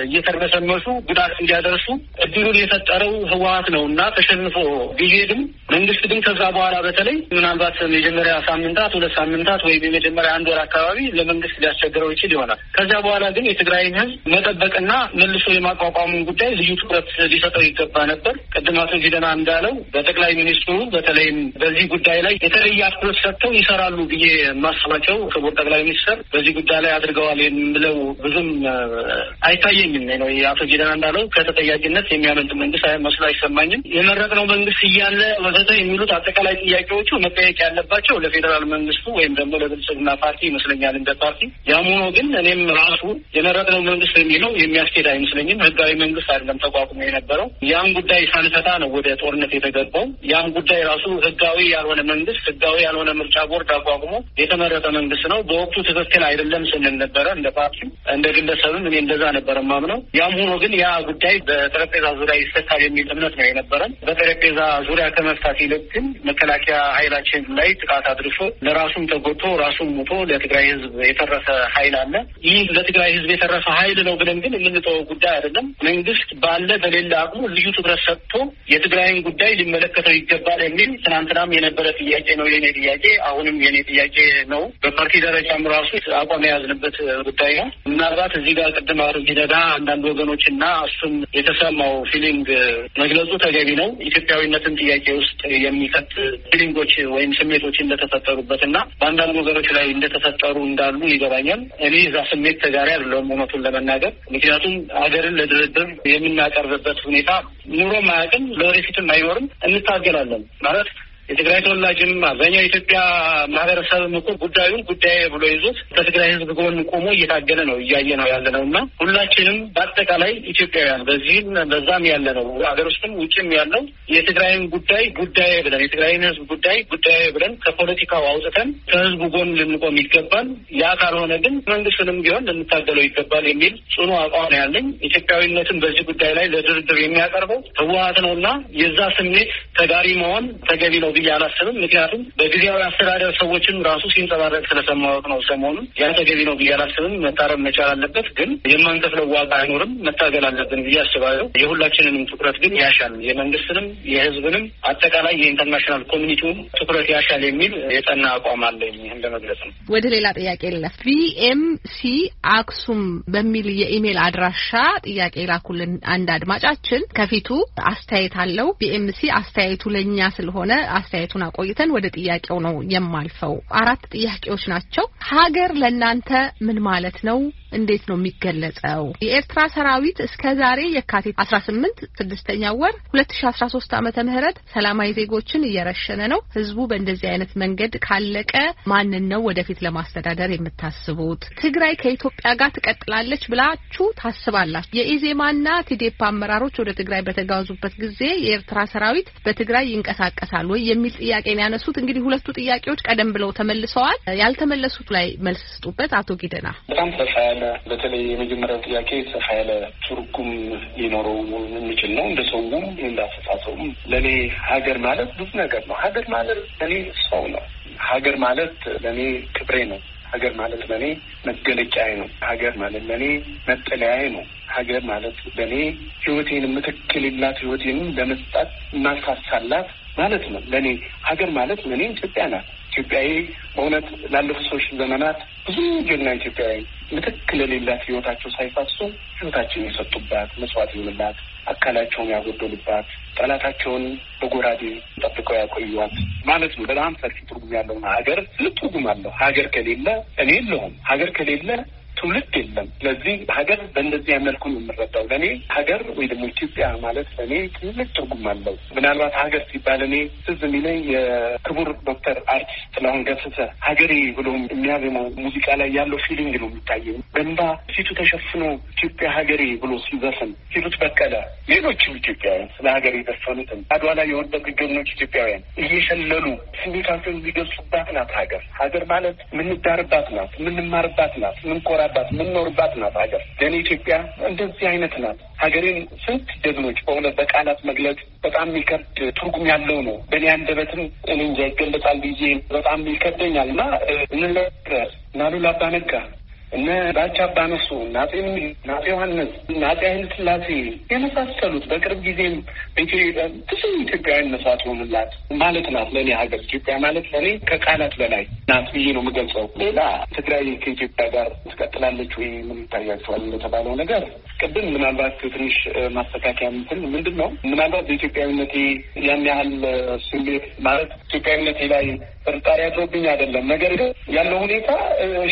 እየተርመሰመሱ ጉዳት እንዲያደርሱ እድሉን የፈጠረው ህወሀት ነው እና ተሸንፎ ቢሄድም መንግስት ግን ከዛ በኋላ በተለይ ምናልባት መጀመሪያ ሳምንታት ሁለት ሳምንታት ወይም የመጀመሪያ አንድ ወር አካባቢ ለመንግስት ሊያስቸግረው ይችል ይሆናል። ከዚያ በኋላ ግን የትግራይን ህዝብ መጠበቅና መልሶ የማቋቋሙን ጉዳይ ልዩ ትኩረት ሊሰጠው ይገባ ነበር። ቅድም አቶ ጊደና እንዳለው በጠቅላይ ሚኒስትሩ በተለይም በዚህ ጉዳይ ላይ የተለየ አትኩሮት ሰጥተው ይሰራሉ ብዬ የማስባቸው ክቡር ጠቅላይ ሚኒስትር በዚህ ጉዳይ ላይ አድርገዋል የምለው ብዙም አይታየኝም ነው። አቶ ጊደና እንዳለው ከተጠያቂነት የሚያመልጥ መንግስት መስሎ አይሰማኝም። የመረጥነው መንግስት እያለ ወዘተ የሚሉት አጠቃላይ ጥያቄዎቹ መጠየቅ ያለባቸው ለፌዴራል መንግስቱ ወይም ደግሞ ለብልጽግና ፓርቲ ይመስለኛል እንደ ፓርቲ። ያም ሆኖ ግን እኔም ራሱ የመረጥነው መንግስት የሚለው የሚያስኬድ አይመስለኝም። ህጋዊ መንግስት አይደለም ተቋቁሞ የነበረው። ያም ጉዳይ ሳንፈታ ነው ወደ ጦርነት የተገባው። ያም ጉዳይ ራሱ ህጋዊ ያልሆነ መንግስት ህጋዊ ያልሆነ ምርጫ ቦርድ አቋቁሞ የተመረጠ መንግስት ነው። በወቅቱ ትክክል አይደለም ስንል ነበረ እንደ ፓርቲ እንደ ግለሰብም እኔ እንደዛ ነበረ ማምነው። ያም ሆኖ ግን ያ ጉዳይ በጠረጴዛ ዙሪያ ይሰካል የሚል እምነት ነው የነበረን። በጠረጴዛ ዙሪያ ከመፍታት ይልቅ ግን መከላከያ ኃይላችን ላይ ጥቃት አድርሶ ለራሱም ተጎድቶ ራሱም ሙቶ ለትግራይ ህዝብ የተረፈ ኃይል አለ። ይህ ለትግራይ ህዝብ የተረፈ ኃይል ነው ብለን ግን የምንጠወው ጉዳይ አይደለም። መንግስት ባለ በሌላ አቅሙ ልዩ ትኩረት ሰጥቶ የትግራይን ጉዳይ ሊመለከተው ይገባል የሚል ትናንትናም የነበረ ጥያቄ ነው የኔ ጥያቄ፣ አሁንም የኔ ጥያቄ ነው። በፓርቲ ደረጃም ራሱ አቋም የያዝንበት ጉዳይ ነው። ምናልባት እዚህ ጋር ቅድም አሩ ጊደዳ አንዳንድ ወገኖች እና እሱም የተሰማው ፊሊንግ መግለጹ ተገቢ ነው። ኢትዮጵያዊነትን ጥያቄ ውስጥ የሚከት ፊሊንጎች ወይም ስሜቶች እንደተፈጠሩበት እና በአንዳንድ ወገኖች ላይ እንደተፈጠሩ እንዳሉ ይገባኛል። እኔ እዛ ስሜት ተጋሪ አይደለሁም እውነቱን ለመናገር ምክንያቱም ሀገርን ለድርድር የምናቀርብበት ሁኔታ ኑሮም አያውቅም፣ ለወደፊትም አይኖርም። እንታገላለን ማለት የትግራይ ተወላጅም አብዛኛው የኢትዮጵያ ማህበረሰብም እኮ ጉዳዩን ጉዳይ ብሎ ይዞት ከትግራይ ህዝብ ጎን ቆሞ እየታገለ ነው እያየ ነው ያለ ነው እና ሁላችንም በአጠቃላይ ኢትዮጵያውያን በዚህም በዛም ያለ ነው ሀገር ውስጥም ውጭም ያለው የትግራይን ጉዳይ ጉዳይ ብለን የትግራይን ህዝብ ጉዳይ ጉዳይ ብለን ከፖለቲካው አውጥተን ከህዝቡ ጎን ልንቆም ይገባል። ያ ካልሆነ ግን መንግስትንም ቢሆን ልንታገለው ይገባል የሚል ጽኑ አቋም ያለኝ ኢትዮጵያዊነትን በዚህ ጉዳይ ላይ ለድርድር የሚያቀርበው ህወሀት ነው እና የዛ ስሜት ተጋሪ መሆን ተገቢ ነው ብዬ አላስብም። ምክንያቱም በጊዜያዊ አስተዳደር ሰዎችን ራሱ ሲንጸባረቅ ስለሰማወቅ ነው ሰሞኑ ያ ተገቢ ነው ብዬ አላስብም። መታረም መቻል አለበት፣ ግን የማንከፍለው ዋጋ አይኖርም። መታገል አለብን ብዬ አስባለሁ። የሁላችንንም ትኩረት ግን ያሻል፣ የመንግስትንም፣ የህዝብንም፣ አጠቃላይ የኢንተርናሽናል ኮሚኒቲውን ትኩረት ያሻል የሚል የጠና አቋም አለኝ። ይህን ለመግለጽ ነው። ወደ ሌላ ጥያቄ ለፍ ቪኤምሲ አክሱም በሚል የኢሜል አድራሻ ጥያቄ ላኩልን አንድ አድማጫችን። ከፊቱ አስተያየት አለው። ቪኤምሲ አስተያየቱ ለእኛ ስለሆነ አስተያየቱን አቆይተን ወደ ጥያቄው ነው የማልፈው። አራት ጥያቄዎች ናቸው። ሀገር ለእናንተ ምን ማለት ነው? እንዴት ነው የሚገለጸው? የኤርትራ ሰራዊት እስከ ዛሬ የካቲት አስራ ስምንት ስድስተኛ ወር ሁለት ሺ አስራ ሶስት አመተ ምህረት ሰላማዊ ዜጎችን እየረሸነ ነው። ህዝቡ በእንደዚህ አይነት መንገድ ካለቀ ማንን ነው ወደፊት ለማስተዳደር የምታስቡት? ትግራይ ከኢትዮጵያ ጋር ትቀጥላለች ብላችሁ ታስባላችሁ? የኢዜማና ቲዴፓ አመራሮች ወደ ትግራይ በተጓዙበት ጊዜ የኤርትራ ሰራዊት በትግራይ ይንቀሳቀሳል ወይ የሚል ጥያቄ ነው ያነሱት። እንግዲህ ሁለቱ ጥያቄዎች ቀደም ብለው ተመልሰዋል። ያልተመለሱት ላይ መልስ ስጡበት። አቶ ጊደና በጣም ያለ በተለይ የመጀመሪያው ጥያቄ ሰፋ ያለ ትርጉም ሊኖረው የሚችል ነው። እንደ ሰውም እንደ አስተሳሰቡም ለእኔ ሀገር ማለት ብዙ ነገር ነው። ሀገር ማለት ለእኔ ሰው ነው። ሀገር ማለት ለእኔ ክብሬ ነው። ሀገር ማለት ለእኔ መገለጫዬ ነው። ሀገር ማለት ለእኔ መጠለያዬ ነው። ሀገር ማለት ለእኔ ህይወቴን የምትክልላት ህይወቴንም ለመስጣት እናሳሳላት ማለት ነው። ለእኔ ሀገር ማለት ለእኔ ኢትዮጵያ ናት። ኢትዮጵያዊ በእውነት ላለፉት ሰዎች ዘመናት ብዙ ጀግና ኢትዮጵያዊ ምትክ ለሌላት ህይወታቸው ሳይፋሱ ህይወታቸውን የሰጡባት መስዋዕት ይሆንላት አካላቸውን ያጎደሉባት ጠላታቸውን በጎራዴ ጠብቀው ያቆዩዋት ማለት ነው። በጣም ሰፊ ትርጉም ያለው ሀገር ትልቅ ትርጉም አለው። ሀገር ከሌለ እኔ የለሁም። ሀገር ከሌለ ትውልድ የለም። ስለዚህ ሀገር በእንደዚህ መልኩ ነው የምረዳው ለእኔ ሀገር ወይ ደግሞ ኢትዮጵያ ማለት ለእኔ ትልቅ ትርጉም አለው። ምናልባት ሀገር ሲባል እኔ ትዝ የሚለኝ የክቡር ዶክተር አርቲስት ጥላሁን ገሰሰ ሀገሬ ብሎ የሚያዜመው ሙዚቃ ላይ ያለው ፊሊንግ ነው የሚታየኝ። በእንባ ፊቱ ተሸፍኖ ኢትዮጵያ ሀገሬ ብሎ ሲዘፍን ሲሉት በቀለ፣ ሌሎችም ኢትዮጵያውያን ስለ ሀገር የዘፈኑትን አድዋ ላይ የወደቁ ጀግኖች ኢትዮጵያውያን እየሸለሉ ስሜታቸውን የሚገልጹባት ናት ሀገር። ሀገር ማለት የምንዳርባት ናት፣ የምንማርባት ናት፣ ምንኮራ የምንበላባት የምንኖርባት ናት ሀገር። ለእኔ ኢትዮጵያ እንደዚህ አይነት ናት። ሀገሬን ስንት ጀግኖች በእውነት በቃላት መግለጽ በጣም የሚከብድ ትርጉም ያለው ነው። በእኔ አንደበትም እኔ እንጃ ይገለጻል ብዬ በጣም ይከብደኛል እና እንለ ናሉላ አባ ነጋ እነ ባቻ አባነሱ እና አፄ ዮሐንስ እና አፄ ኃይለ ሥላሴ የመሳሰሉት በቅርብ ጊዜም በኢትዮጵያ ብዙ ኢትዮጵያውያን መስዋዕት የሆኑላት ማለት ናት። ለእኔ ሀገር ኢትዮጵያ ማለት ለእኔ ከቃላት በላይ ናት ብዬ ነው የምገልጸው። ሌላ ትግራይ ከኢትዮጵያ ጋር ትቀጥላለች ወይ ምን ይታያቸዋል ለተባለው ነገር ቅድም ምናልባት ትንሽ ማስተካከያ ምትል ምንድን ነው ምናልባት በኢትዮጵያዊነቴ ያን ያህል ስሜት ማለት ኢትዮጵያዊነቴ ላይ ጥርጣሬ አድሮብኝ አይደለም። ነገር ግን ያለው ሁኔታ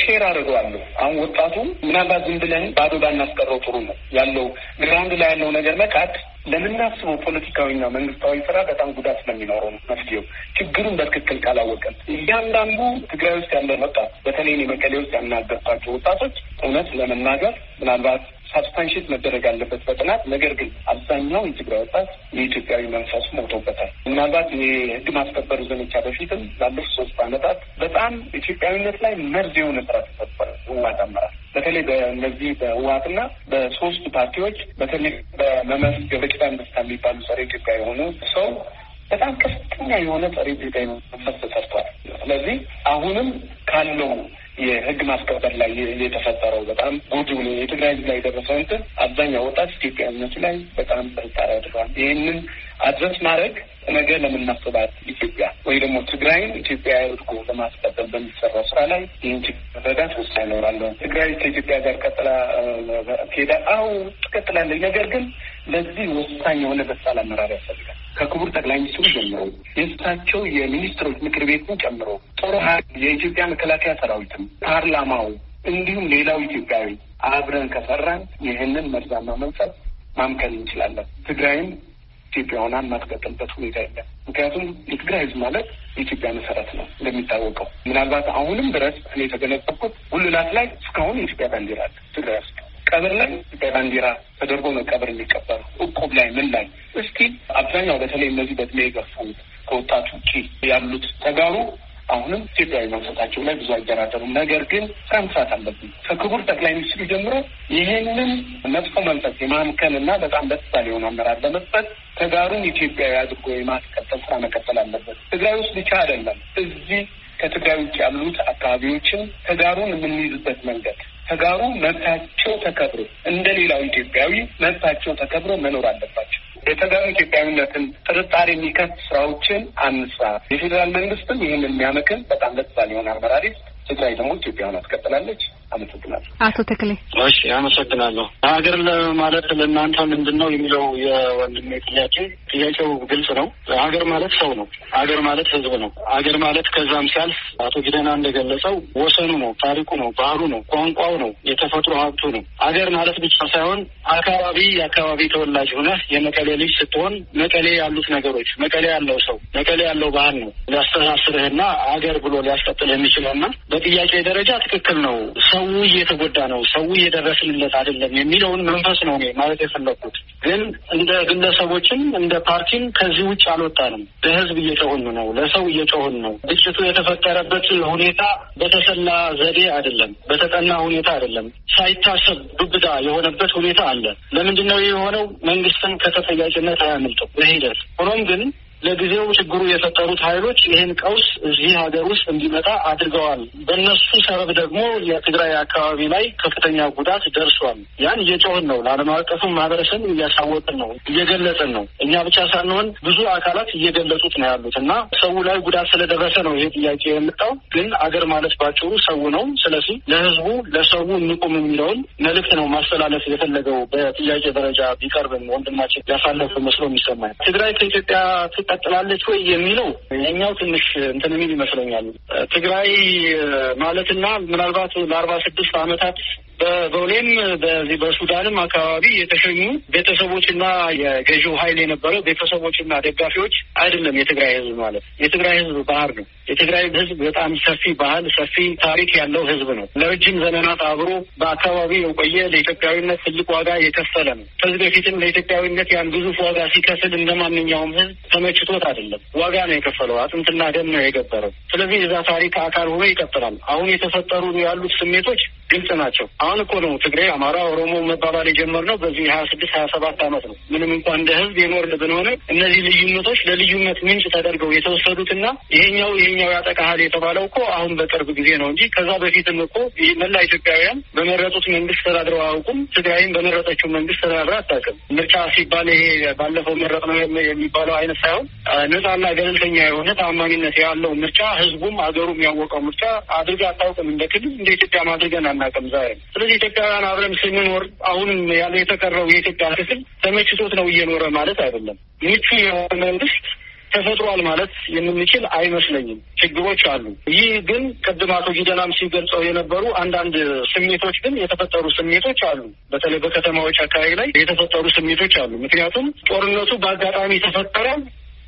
ሼር አድርገዋለሁ አሁን ወጣቱ ምናልባት ዝም ብለን ባዶ ባናስቀረው ጥሩ ነው ያለው ግራንድ ላይ ያለው ነገር መካድ ለምናስበው ፖለቲካዊና መንግስታዊ ስራ በጣም ጉዳት ስለሚኖረው ነው። መፍትሄው ችግሩን በትክክል ካላወቀን እያንዳንዱ ትግራይ ውስጥ ያለ ወጣት በተለይ መቀሌ ውስጥ ያናገርኳቸው ወጣቶች እውነት ለመናገር ምናልባት ሳብስታንሽት መደረግ አለበት በጥናት ነገር ግን አብዛኛው የትግራይ ወጣት የኢትዮጵያዊ መንፈስ ሞቶበታል። ምናልባት የህግ ማስከበር ዘመቻ በፊትም ላለፉት ሶስት አመታት በጣም ኢትዮጵያዊነት ላይ መርዝ የሆነ ስራ ተፈጥሯል። ህወሓት አመራር በተለይ በእነዚህ በህወሓትና በሶስቱ ፓርቲዎች በተለይ በመመስ ገበጭታ ደስታ የሚባሉ ጸረ ኢትዮጵያ የሆኑ ሰው በጣም ከፍተኛ የሆነ ጸረ ኢትዮጵያ መንፈስ ተሰርቷል። ስለዚህ አሁንም ካለው የህግ ማስከበር ላይ የተፈጠረው በጣም ጉድ ብሎ የትግራይ ህዝብ ላይ የደረሰው እንትን አብዛኛው ወጣት ኢትዮጵያዊነቱ ላይ በጣም ጥርጣሬ አድርጓል። ይህንን አድረስ ማድረግ ነገ ለምናስባት ኢትዮጵያ ወይ ደግሞ ትግራይን ኢትዮጵያ እድጎ ለማስቀጠል በሚሰራው ስራ ላይ ይህን ችግር መረዳት ወሳኝ ይኖራለሁ። ትግራይ ከኢትዮጵያ ጋር ቀጥላ ሄዳ አሁ ትቀጥላለች። ነገር ግን ለዚህ ወሳኝ የሆነ በሳል አመራር ያስፈልጋል። ከክቡር ጠቅላይ ሚኒስትሩ ጀምሮ የእሳቸው የሚኒስትሮች ምክር ቤትን ጨምሮ ጦር የኢትዮጵያ መከላከያ ሰራዊትም ፓርላማው እንዲሁም ሌላው ኢትዮጵያዊ አብረን ከሰራን ይህንን መርዛማ መንፈስ ማምከል እንችላለን። ትግራይም ኢትዮጵያ ሆና የማትቀጥልበት ሁኔታ የለም። ምክንያቱም የትግራይ ህዝብ ማለት የኢትዮጵያ መሰረት ነው እንደሚታወቀው። ምናልባት አሁንም ድረስ እኔ የተገነዘብኩት ጉልላት ላይ እስካሁን የኢትዮጵያ ባንዲራ አለ ትግራይ ውስጥ ቀብር ላይ በባንዲራ ተደርጎ ነው ቀብር እቁብ ላይ ምን ላይ እስኪ አብዛኛው በተለይ እነዚህ በእድሜ የገፉት ከወጣት ውጭ ያሉት ተጋሩ አሁንም ኢትዮጵያዊ መንሰታቸው ላይ ብዙ አይደራደሩም። ነገር ግን ስራ መስራት አለብን። ከክቡር ጠቅላይ ሚኒስትሩ ጀምሮ ይህንን መጥፎ መንፈስ የማምከንና በጣም በተሳል የሆነ አመራር ለመስጠት ተጋሩን ኢትዮጵያዊ አድርጎ የማስቀጠል ስራ መቀጠል አለበት። ትግራይ ውስጥ ብቻ አይደለም፣ እዚህ ከትግራይ ውጭ ያሉት አካባቢዎችን ተጋሩን የምንይዝበት መንገድ ተጋሩ መብታቸው ተከብሮ እንደ ሌላው ኢትዮጵያዊ መብታቸው ተከብሮ መኖር አለባቸው። የተጋሩ ኢትዮጵያዊነትን ጥርጣሬ የሚከት ስራዎችን አንስራ። የፌዴራል መንግስትም ይህን የሚያመክን በጣም ለጥፋል የሆነ አመራሪስ ትግራይ ደግሞ ኢትዮጵያን አስቀጥላለች። አመሰግናለሁ። አቶ ተክሌ እሺ፣ አመሰግናለሁ። ሀገር ማለት ለእናንተ ምንድን ነው የሚለው የወንድሜ ጥያቄ ጥያቄው ግልጽ ነው። ሀገር ማለት ሰው ነው። ሀገር ማለት ህዝብ ነው። ሀገር ማለት ከዛም ሲያልፍ አቶ ጊደና እንደገለጸው ወሰኑ ነው፣ ታሪኩ ነው፣ ባህሉ ነው፣ ቋንቋው ነው፣ የተፈጥሮ ሀብቱ ነው። ሀገር ማለት ብቻ ሳይሆን አካባቢ የአካባቢ ተወላጅ ሆነ የመቀሌ ልጅ ስትሆን መቀሌ ያሉት ነገሮች መቀሌ ያለው ሰው መቀሌ ያለው ባህል ነው ሊያስተሳስርህና አገር ብሎ ሊያስቀጥል የሚችለውና በጥያቄ ደረጃ ትክክል ነው። ሰው እየተጎዳ ነው፣ ሰው እየደረስንለት አይደለም የሚለውን መንፈስ ነው እኔ ማለት የፈለኩት። ግን እንደ ግለሰቦችም እንደ ፓርቲም ከዚህ ውጭ አልወጣንም። ለህዝብ እየጮህን ነው፣ ለሰው እየጮህን ነው። ግጭቱ የተፈጠረበት ሁኔታ በተሰላ ዘዴ አይደለም፣ በተጠና ሁኔታ አይደለም። ሳይታሰብ ዱብዳ የሆነበት ሁኔታ አለ። ለምንድን ነው የሆነው? መንግስትን ከተጠያ ተጠያቂነት አያመልጠው ለሂደት ሆኖም ግን ለጊዜው ችግሩ የፈጠሩት ኃይሎች ይህን ቀውስ እዚህ ሀገር ውስጥ እንዲመጣ አድርገዋል። በእነሱ ሰበብ ደግሞ የትግራይ አካባቢ ላይ ከፍተኛ ጉዳት ደርሷል። ያን እየጮህን ነው። ለዓለም አቀፉ ማህበረሰብ እያሳወቅን ነው፣ እየገለጽን ነው። እኛ ብቻ ሳንሆን ብዙ አካላት እየገለጹት ነው ያሉት እና ሰው ላይ ጉዳት ስለደረሰ ነው ይሄ ጥያቄ የመጣው። ግን አገር ማለት ባጭሩ ሰው ነው። ስለዚህ ለህዝቡ ለሰው እንቁም የሚለውን መልእክት ነው ማስተላለፍ የፈለገው። በጥያቄ ደረጃ ቢቀርብም ወንድማችን ያሳለፍ መስሎ የሚሰማኝ ትግራይ ከኢትዮጵያ ትቀጥላለች ወይ የሚለው እኛው ትንሽ እንትን የሚል ይመስለኛል። ትግራይ ማለትና ምናልባት ለአርባ ስድስት አመታት በቦሌም በዚህ በሱዳንም አካባቢ የተሸኙ ቤተሰቦችና የገዢው ኃይል የነበረው ቤተሰቦችና ደጋፊዎች አይደለም የትግራይ ህዝብ ማለት የትግራይ ህዝብ ባህር ነው። የትግራይ ህዝብ በጣም ሰፊ ባህል፣ ሰፊ ታሪክ ያለው ህዝብ ነው። ለረጅም ዘመናት አብሮ በአካባቢው የቆየ ለኢትዮጵያዊነት ትልቅ ዋጋ የከፈለ ነው። ከዚህ በፊትም ለኢትዮጵያዊነት ያን ግዙፍ ዋጋ ሲከፍል እንደ ማንኛውም ህዝብ ተመችቶት አይደለም። ዋጋ ነው የከፈለው። አጥንትና ደም ነው የገበረው። ስለዚህ የዛ ታሪክ አካል ሆኖ ይቀጥላል። አሁን የተፈጠሩ ያሉት ስሜቶች ግልጽ ናቸው። አሁን እኮ ነው ትግሬ፣ አማራ፣ ኦሮሞ መባባል የጀመርነው በዚህ ሀያ ስድስት ሀያ ሰባት ዓመት ነው። ምንም እንኳን እንደ ህዝብ የኖርን ብንሆንም እነዚህ ልዩነቶች ለልዩነት ምንጭ ተደርገው የተወሰዱትና ይሄኛው ይሄኛው ያጠቃሃል የተባለው እኮ አሁን በቅርብ ጊዜ ነው እንጂ ከዛ በፊትም እኮ መላ ኢትዮጵያውያን በመረጡት መንግስት ተዳድረው አያውቁም። ትግራይም በመረጠችው መንግስት ተዳድረ አታውቅም። ምርጫ ሲባል ይሄ ባለፈው መረጥ ነው የሚባለው አይነት ሳይሆን ነጻና ገለልተኛ የሆነ ታማኝነት ያለው ምርጫ ህዝቡም ሀገሩም ያወቀው ምርጫ አድርገ አታውቅም። እንደ ክልል እንደ ኢትዮጵያ አድርገናል። አናውቅም ዛሬ። ስለዚህ ኢትዮጵያውያን አብረን ስንኖር አሁንም ያለ የተቀረው የኢትዮጵያ ክፍል ተመችቶት ነው እየኖረ ማለት አይደለም። ምቹ የሆነ መንግስት ተፈጥሯል ማለት የምንችል አይመስለኝም። ችግሮች አሉ። ይህ ግን ቅድም አቶ ጊደናም ሲገልጸው የነበሩ አንዳንድ ስሜቶች ግን የተፈጠሩ ስሜቶች አሉ። በተለይ በከተማዎች አካባቢ ላይ የተፈጠሩ ስሜቶች አሉ። ምክንያቱም ጦርነቱ በአጋጣሚ ተፈጠረ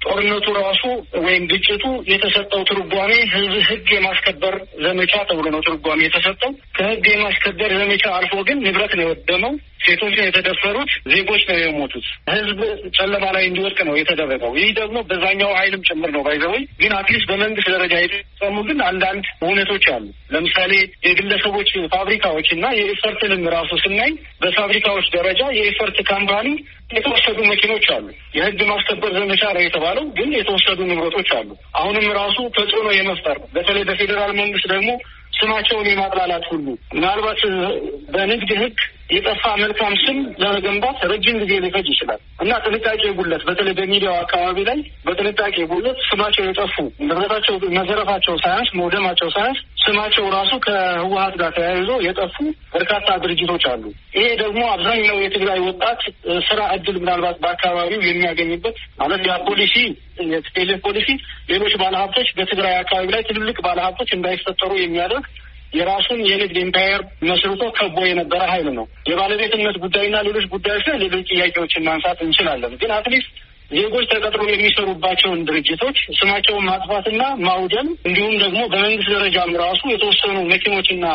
ጦርነቱ ራሱ ወይም ግጭቱ የተሰጠው ትርጓሜ ህዝብ ህግ የማስከበር ዘመቻ ተብሎ ነው ትርጓሜ የተሰጠው። ከህግ የማስከበር ዘመቻ አልፎ ግን ንብረት ነው የወደመው፣ ሴቶች ነው የተደፈሩት፣ ዜጎች ነው የሞቱት፣ ህዝብ ጨለማ ላይ እንዲወድቅ ነው የተደረገው። ይህ ደግሞ በዛኛው ሀይልም ጭምር ነው ባይዘወይ። ግን አትሊስት በመንግስት ደረጃ የተፈጸሙ ግን አንዳንድ እውነቶች አሉ። ለምሳሌ የግለሰቦች ፋብሪካዎች እና የኤፈርትንም ራሱ ስናይ በፋብሪካዎች ደረጃ የኤፈርት ካምፓኒ የተወሰዱ መኪኖች አሉ። የህግ ማስከበር ዘመቻ ላይ የተባለው፣ ግን የተወሰዱ ንብረቶች አሉ። አሁንም ራሱ ተጽዕኖ የመፍጠር በተለይ በፌዴራል መንግስት ደግሞ ስማቸውን የማጥላላት ሁሉ ምናልባት በንግድ ህግ የጠፋ መልካም ስም ለመገንባት ረጅም ጊዜ ሊፈጅ ይችላል እና ጥንቃቄ ጉለት፣ በተለይ በሚዲያው አካባቢ ላይ በጥንቃቄ ጉለት ስማቸው የጠፉ ንብረታቸው መዘረፋቸው ሳያንስ መውደማቸው ሳያንስ ስማቸው ራሱ ከህወሀት ጋር ተያይዞ የጠፉ በርካታ ድርጅቶች አሉ። ይሄ ደግሞ አብዛኛው የትግራይ ወጣት ስራ እድል ምናልባት በአካባቢው የሚያገኝበት ማለት ያ ፖሊሲ የቴሌ ፖሊሲ ሌሎች ባለሀብቶች በትግራይ አካባቢ ላይ ትልልቅ ባለሀብቶች እንዳይፈጠሩ የሚያደርግ የራሱን የንግድ ኢምፓየር መስርቶ ከቦ የነበረ ሀይል ነው። የባለቤትነት ጉዳይና ሌሎች ጉዳዮች ላይ ሌሎች ጥያቄዎችን ማንሳት እንችላለን። ግን አትሊስት ዜጎች ተቀጥሮ የሚሰሩባቸውን ድርጅቶች ስማቸውን ማጥፋትና ማውደም እንዲሁም ደግሞ በመንግስት ደረጃም ራሱ የተወሰኑ መኪኖችና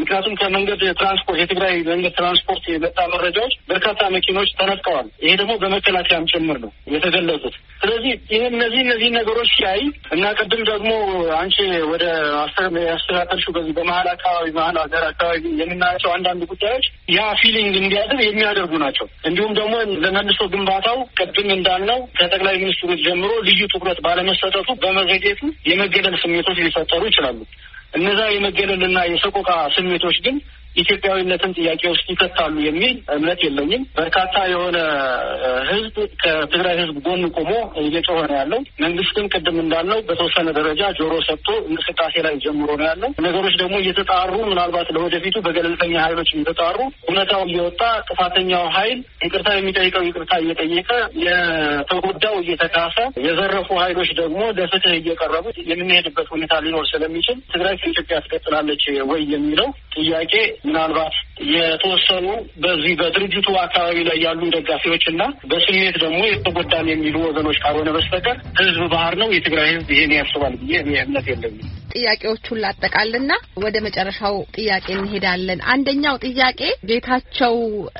ምክንያቱም ከመንገድ ትራንስፖርት የትግራይ መንገድ ትራንስፖርት የመጣ መረጃዎች በርካታ መኪኖች ተነጥቀዋል። ይሄ ደግሞ በመከላከያም ጭምር ነው የተገለጹት። ስለዚህ ይህ እነዚህ እነዚህ ነገሮች ሲያይ እና ቅድም ደግሞ አንቺ ወደ ያስተካከልሽው በዚህ በመሀል አካባቢ መሀል ሀገር አካባቢ የምናያቸው አንዳንድ ጉዳዮች ያ ፊሊንግ እንዲያድር የሚያደርጉ ናቸው። እንዲሁም ደግሞ ለመልሶ ግንባታው ቅድም እንዳልነው ከጠቅላይ ሚኒስትሩ ጀምሮ ልዩ ትኩረት ባለመሰጠቱ በመዘግየቱ የመገለል ስሜቶች ሊፈጠሩ ይችላሉ። እነዛ የመገለልና የሰቆቃ ስሜቶች ግን ኢትዮጵያዊነትን ውስጥ ይፈታሉ የሚል እምነት የለኝም። በርካታ የሆነ ህዝብ ከትግራይ ህዝብ ጎን ቆሞ እየጮኸ ነው ያለው። መንግስትም ቅድም እንዳለው በተወሰነ ደረጃ ጆሮ ሰጥቶ እንቅስቃሴ ላይ ጀምሮ ነው ያለው። ነገሮች ደግሞ እየተጣሩ ምናልባት ለወደፊቱ በገለልተኛ ኃይሎች እየተጣሩ እውነታው እየወጣ ጥፋተኛው ኃይል ይቅርታ የሚጠይቀው ይቅርታ እየጠየቀ የተጎዳው እየተካሰ የዘረፉ ኃይሎች ደግሞ ለፍትህ እየቀረቡ የምንሄድበት ሁኔታ ሊኖር ስለሚችል ትግራይ ከኢትዮጵያ ትቀጥላለች ወይ የሚለው ጥያቄ ምናልባት የተወሰኑ በዚህ በድርጅቱ አካባቢ ላይ ያሉ ደጋፊዎች እና በስሜት ደግሞ የተጎዳን የሚሉ ወገኖች ካልሆነ በስተቀር ህዝብ ባህር ነው። የትግራይ ህዝብ ይሄን ያስባል ብዬ እኔ እምነት የለኝም። ጥያቄዎቹን ላጠቃልና ወደ መጨረሻው ጥያቄ እንሄዳለን። አንደኛው ጥያቄ ጌታቸው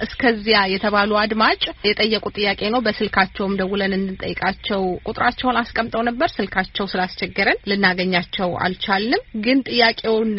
እስከዚያ የተባሉ አድማጭ የጠየቁ ጥያቄ ነው። በስልካቸውም ደውለን እንጠይቃቸው ቁጥራቸውን አስቀምጠው ነበር። ስልካቸው ስላስቸገረን ልናገኛቸው አልቻልንም። ግን ጥያቄውን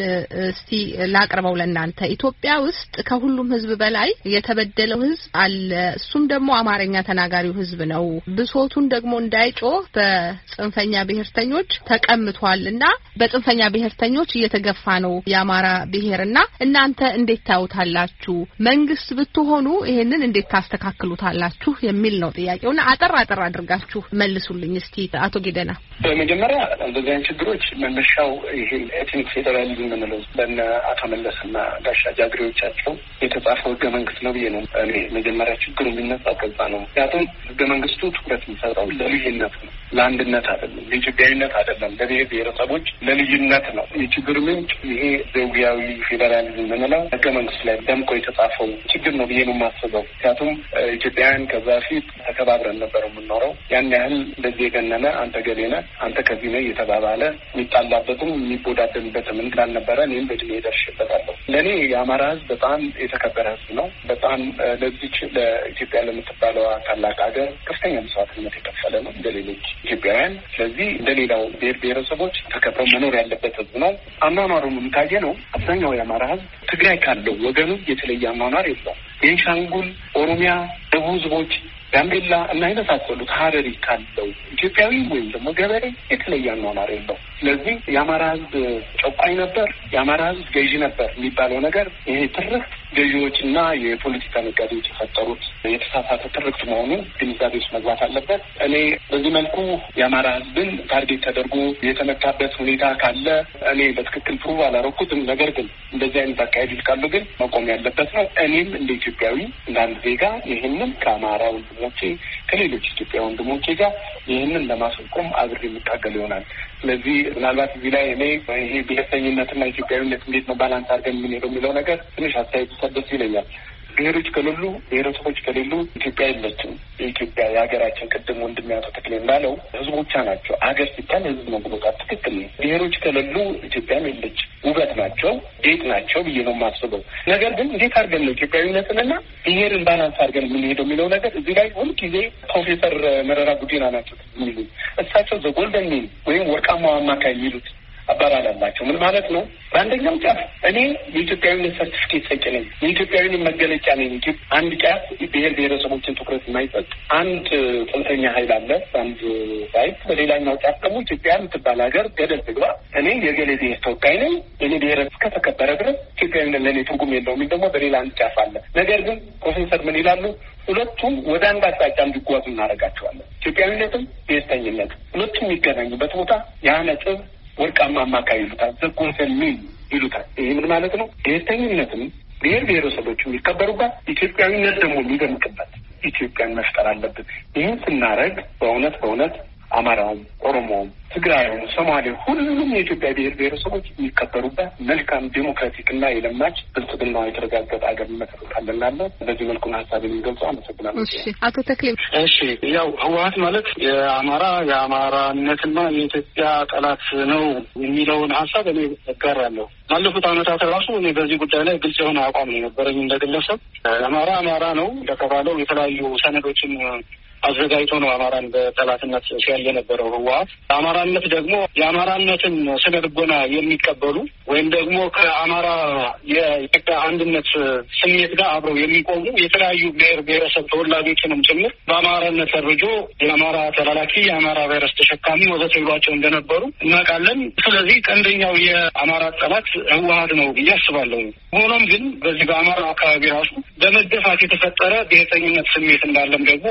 እስቲ ላቅርበው ለእናንተ ኢትዮጵያ ውስጥ ከሁሉም ህዝብ በላይ የተበደለው ህዝብ አለ። እሱም ደግሞ አማርኛ ተናጋሪው ህዝብ ነው። ብሶቱን ደግሞ እንዳይጮህ በጽንፈኛ ብሔርተኞች ተቀምቷል እና በጽንፈኛ ብሔርተኞች እየተገፋ ነው የአማራ ብሔር እና እናንተ እንዴት ታዩታላችሁ? መንግስት ብትሆኑ ይሄንን እንዴት ታስተካክሉታላችሁ? የሚል ነው ጥያቄውና አጠር አጠር አድርጋችሁ መልሱልኝ እስቲ አቶ ጌደና። በመጀመሪያ እንደዚህ አይነት ችግሮች መነሻው ይሄ ኤትኒክ ፌደራሊዝም የምንለው በነ አቶ መለስና ጋሽ አጃግሬዎቻቸው የተጻፈው ህገ መንግስት ነው ብዬ ነው እኔ መጀመሪያ ችግሩ የሚነሳ ከዛ ነው። ምክንያቱም ህገ መንግስቱ ትኩረት የሚሰጠው ለልዩነት ነው፣ ለአንድነት አይደለም፣ ለኢትዮጵያዊነት አይደለም፣ ለብሔር ብሔረሰቦች ለልዩነት ነው። የችግር ምንጭ ይሄ ዘውጊያዊ ፌዴራሊዝም የምንለው ህገ መንግስት ላይ ደምቆ የተጻፈው ችግር ነው ብዬ ነው የማስበው። ምክንያቱም ኢትዮጵያውያን ከዛ በፊት ተከባብረን ነበር የምኖረው። ያን ያህል እንደዚህ የገነነ አንተ ገሌ ነህ አንተ ከዚህ ነህ እየተባባለ የሚጣላበትም የሚቦዳደንበትም እንዳልነበረ እኔም በድሜ ደርሼበታለሁ። ለእኔ የአማራ ህዝብ በጣም የተከበረ ህዝብ ነው። በጣም ለዚች ለኢትዮጵያ ለምትባለው ታላቅ ሀገር ከፍተኛ መስዋዕትነት የከፈለ ነው እንደ ሌሎች ኢትዮጵያውያን። ስለዚህ እንደ ሌላው ብሔር ብሔረሰቦች ተከብረው መኖር ያለበት ህዝብ ነው። አኗኗሩን የምታየ ነው። አብዛኛው የአማራ ህዝብ ትግራይ ካለው ወገኑ የተለየ አኗኗር የለው ቤንሻንጉል፣ ኦሮሚያ፣ ደቡብ ህዝቦች ጋምቤላ እና የመሳሰሉት ሀረሪ ካለው ኢትዮጵያዊ ወይም ደግሞ ገበሬ የተለየ አኗኗር የለው። ስለዚህ የአማራ ህዝብ ጨቋኝ ነበር፣ የአማራ ህዝብ ገዢ ነበር የሚባለው ነገር ይሄ ትርፍ ገዢዎች እና የፖለቲካ ነጋዴዎች የፈጠሩት የተሳሳተ ትርክት መሆኑ ግንዛቤ ውስጥ መግባት አለበት። እኔ በዚህ መልኩ የአማራ ህዝብን ታርጌት ተደርጎ የተመታበት ሁኔታ ካለ እኔ በትክክል ፕሩቭ አላረኩትም። ነገር ግን እንደዚህ አይነት አካሄድ ይልካሉ ግን መቆም ያለበት ነው። እኔም እንደ ኢትዮጵያዊ እንደ አንድ ዜጋ ይህንን ከአማራ ወንድሞቼ ከሌሎች ኢትዮጵያ ወንድሞቼ ጋር ይህንን ለማስቆም አብሬ የሚታገል ይሆናል። ስለዚህ ምናልባት እዚህ ላይ እኔ ይሄ ብሄርተኝነትና ኢትዮጵያዊነት እንዴት ነው ባላንስ አድርገን የምንሄደው የሚለው ነገር ትንሽ አስተያየት ሰደስ ይለኛል። ብሔሮች ከሌሉ ብሔረሰቦች ከሌሉ ኢትዮጵያ የለችም። የኢትዮጵያ የሀገራችን ቅድም ወንድም ያቶ ተክሌ እንዳለው ህዝቦቿ ናቸው። አገር ሲታል ህዝብ ነው ብሎታል። ትክክል ነው። ብሔሮች ከሌሉ ኢትዮጵያም የለች። ውበት ናቸው፣ ጌጥ ናቸው ብዬ ነው የማስበው። ነገር ግን እንዴት አድርገን ነው ኢትዮጵያዊነትንና ብሔርን ባላንስ አድርገን የምንሄደው የሚለው ነገር እዚህ ላይ ሁል ጊዜ ፕሮፌሰር መረራ ጉዲና ናቸው የሚሉ እሳቸው ዘጎልደን ወይም ወርቃማ አማካይ የሚሉት አባባል አላቸው። ምን ማለት ነው? በአንደኛው ጫፍ እኔ የኢትዮጵያዊነት ሰርቲፊኬት ሰጭ ነኝ፣ የኢትዮጵያዊን መገለጫ ነኝ። አንድ ጫፍ ብሔር ብሔረሰቦችን ትኩረት የማይሰጥ አንድ ጽንፈኛ ኃይል አለ በአንድ ሳይት፣ በሌላኛው ጫፍ ደግሞ ኢትዮጵያ የምትባል ሀገር ገደል ትግባ፣ እኔ የገሌ ብሔር ተወካይ ነኝ፣ እኔ ብሔር እስከተከበረ ድረስ ኢትዮጵያዊነት ለእኔ ትርጉም የለውም የሚል ደግሞ በሌላ አንድ ጫፍ አለ። ነገር ግን ፕሮፌሰር ምን ይላሉ? ሁለቱም ወደ አንድ አቅጣጫ እንዲጓዙ እናደርጋቸዋለን። ኢትዮጵያዊነትም ብሔርተኝነት ሁለቱም የሚገናኙበት ቦታ ያ ነጥብ ወርቃማ አማካይ ይሉታል። ኮንሰን ሚን ይሉታል። ይህ ምን ማለት ነው? ብሄርተኝነትም ብሔር ብሔረሰቦች የሚከበሩባት፣ ኢትዮጵያዊነት ደግሞ የሚደምቅበት ኢትዮጵያን መፍጠር አለብን። ይህን ስናረግ በእውነት በእውነት አማራውም፣ ኦሮሞውም፣ ትግራዩም፣ ሶማሌ ሁሉም የኢትዮጵያ ብሔር ብሔረሰቦች የሚከበሩበት መልካም ዴሞክራቲክ እና የለማች ብልጽግና የተረጋገጠ ሀገር መሰረታለናለ በዚህ መልኩን ሀሳብ የሚገልጸው አመሰግናለሁ። አቶ ተክሌ እሺ፣ ያው ህወሀት ማለት የአማራ የአማራነትና የኢትዮጵያ ጠላት ነው የሚለውን ሀሳብ እኔ እጋራለሁ። ባለፉት አመታት ራሱ እኔ በዚህ ጉዳይ ላይ ግልጽ የሆነ አቋም ነው የነበረኝ እንደግለሰብ። አማራ አማራ ነው እንደተባለው የተለያዩ ሰነዶችን አዘጋጅቶ ነው አማራን በጠላትነት ሲያል የነበረው ህወሀት። አማራነት ደግሞ የአማራነትን ስነ ልቦና የሚቀበሉ ወይም ደግሞ ከአማራ የኢትዮጵያ አንድነት ስሜት ጋር አብረው የሚቆሙ የተለያዩ ብሔር ብሔረሰብ ተወላጆችንም ጭምር በአማራነት ፈርጆ የአማራ ተላላኪ፣ የአማራ ቫይረስ ተሸካሚ ወዘተ ብሏቸው እንደነበሩ እናውቃለን። ስለዚህ ቀንደኛው የአማራ ጠላት ህወሀት ነው ብዬ አስባለሁ። ሆኖም ግን በዚህ በአማራ አካባቢ ራሱ በመደፋት የተፈጠረ ብሔርተኝነት ስሜት እንዳለም ደግሞ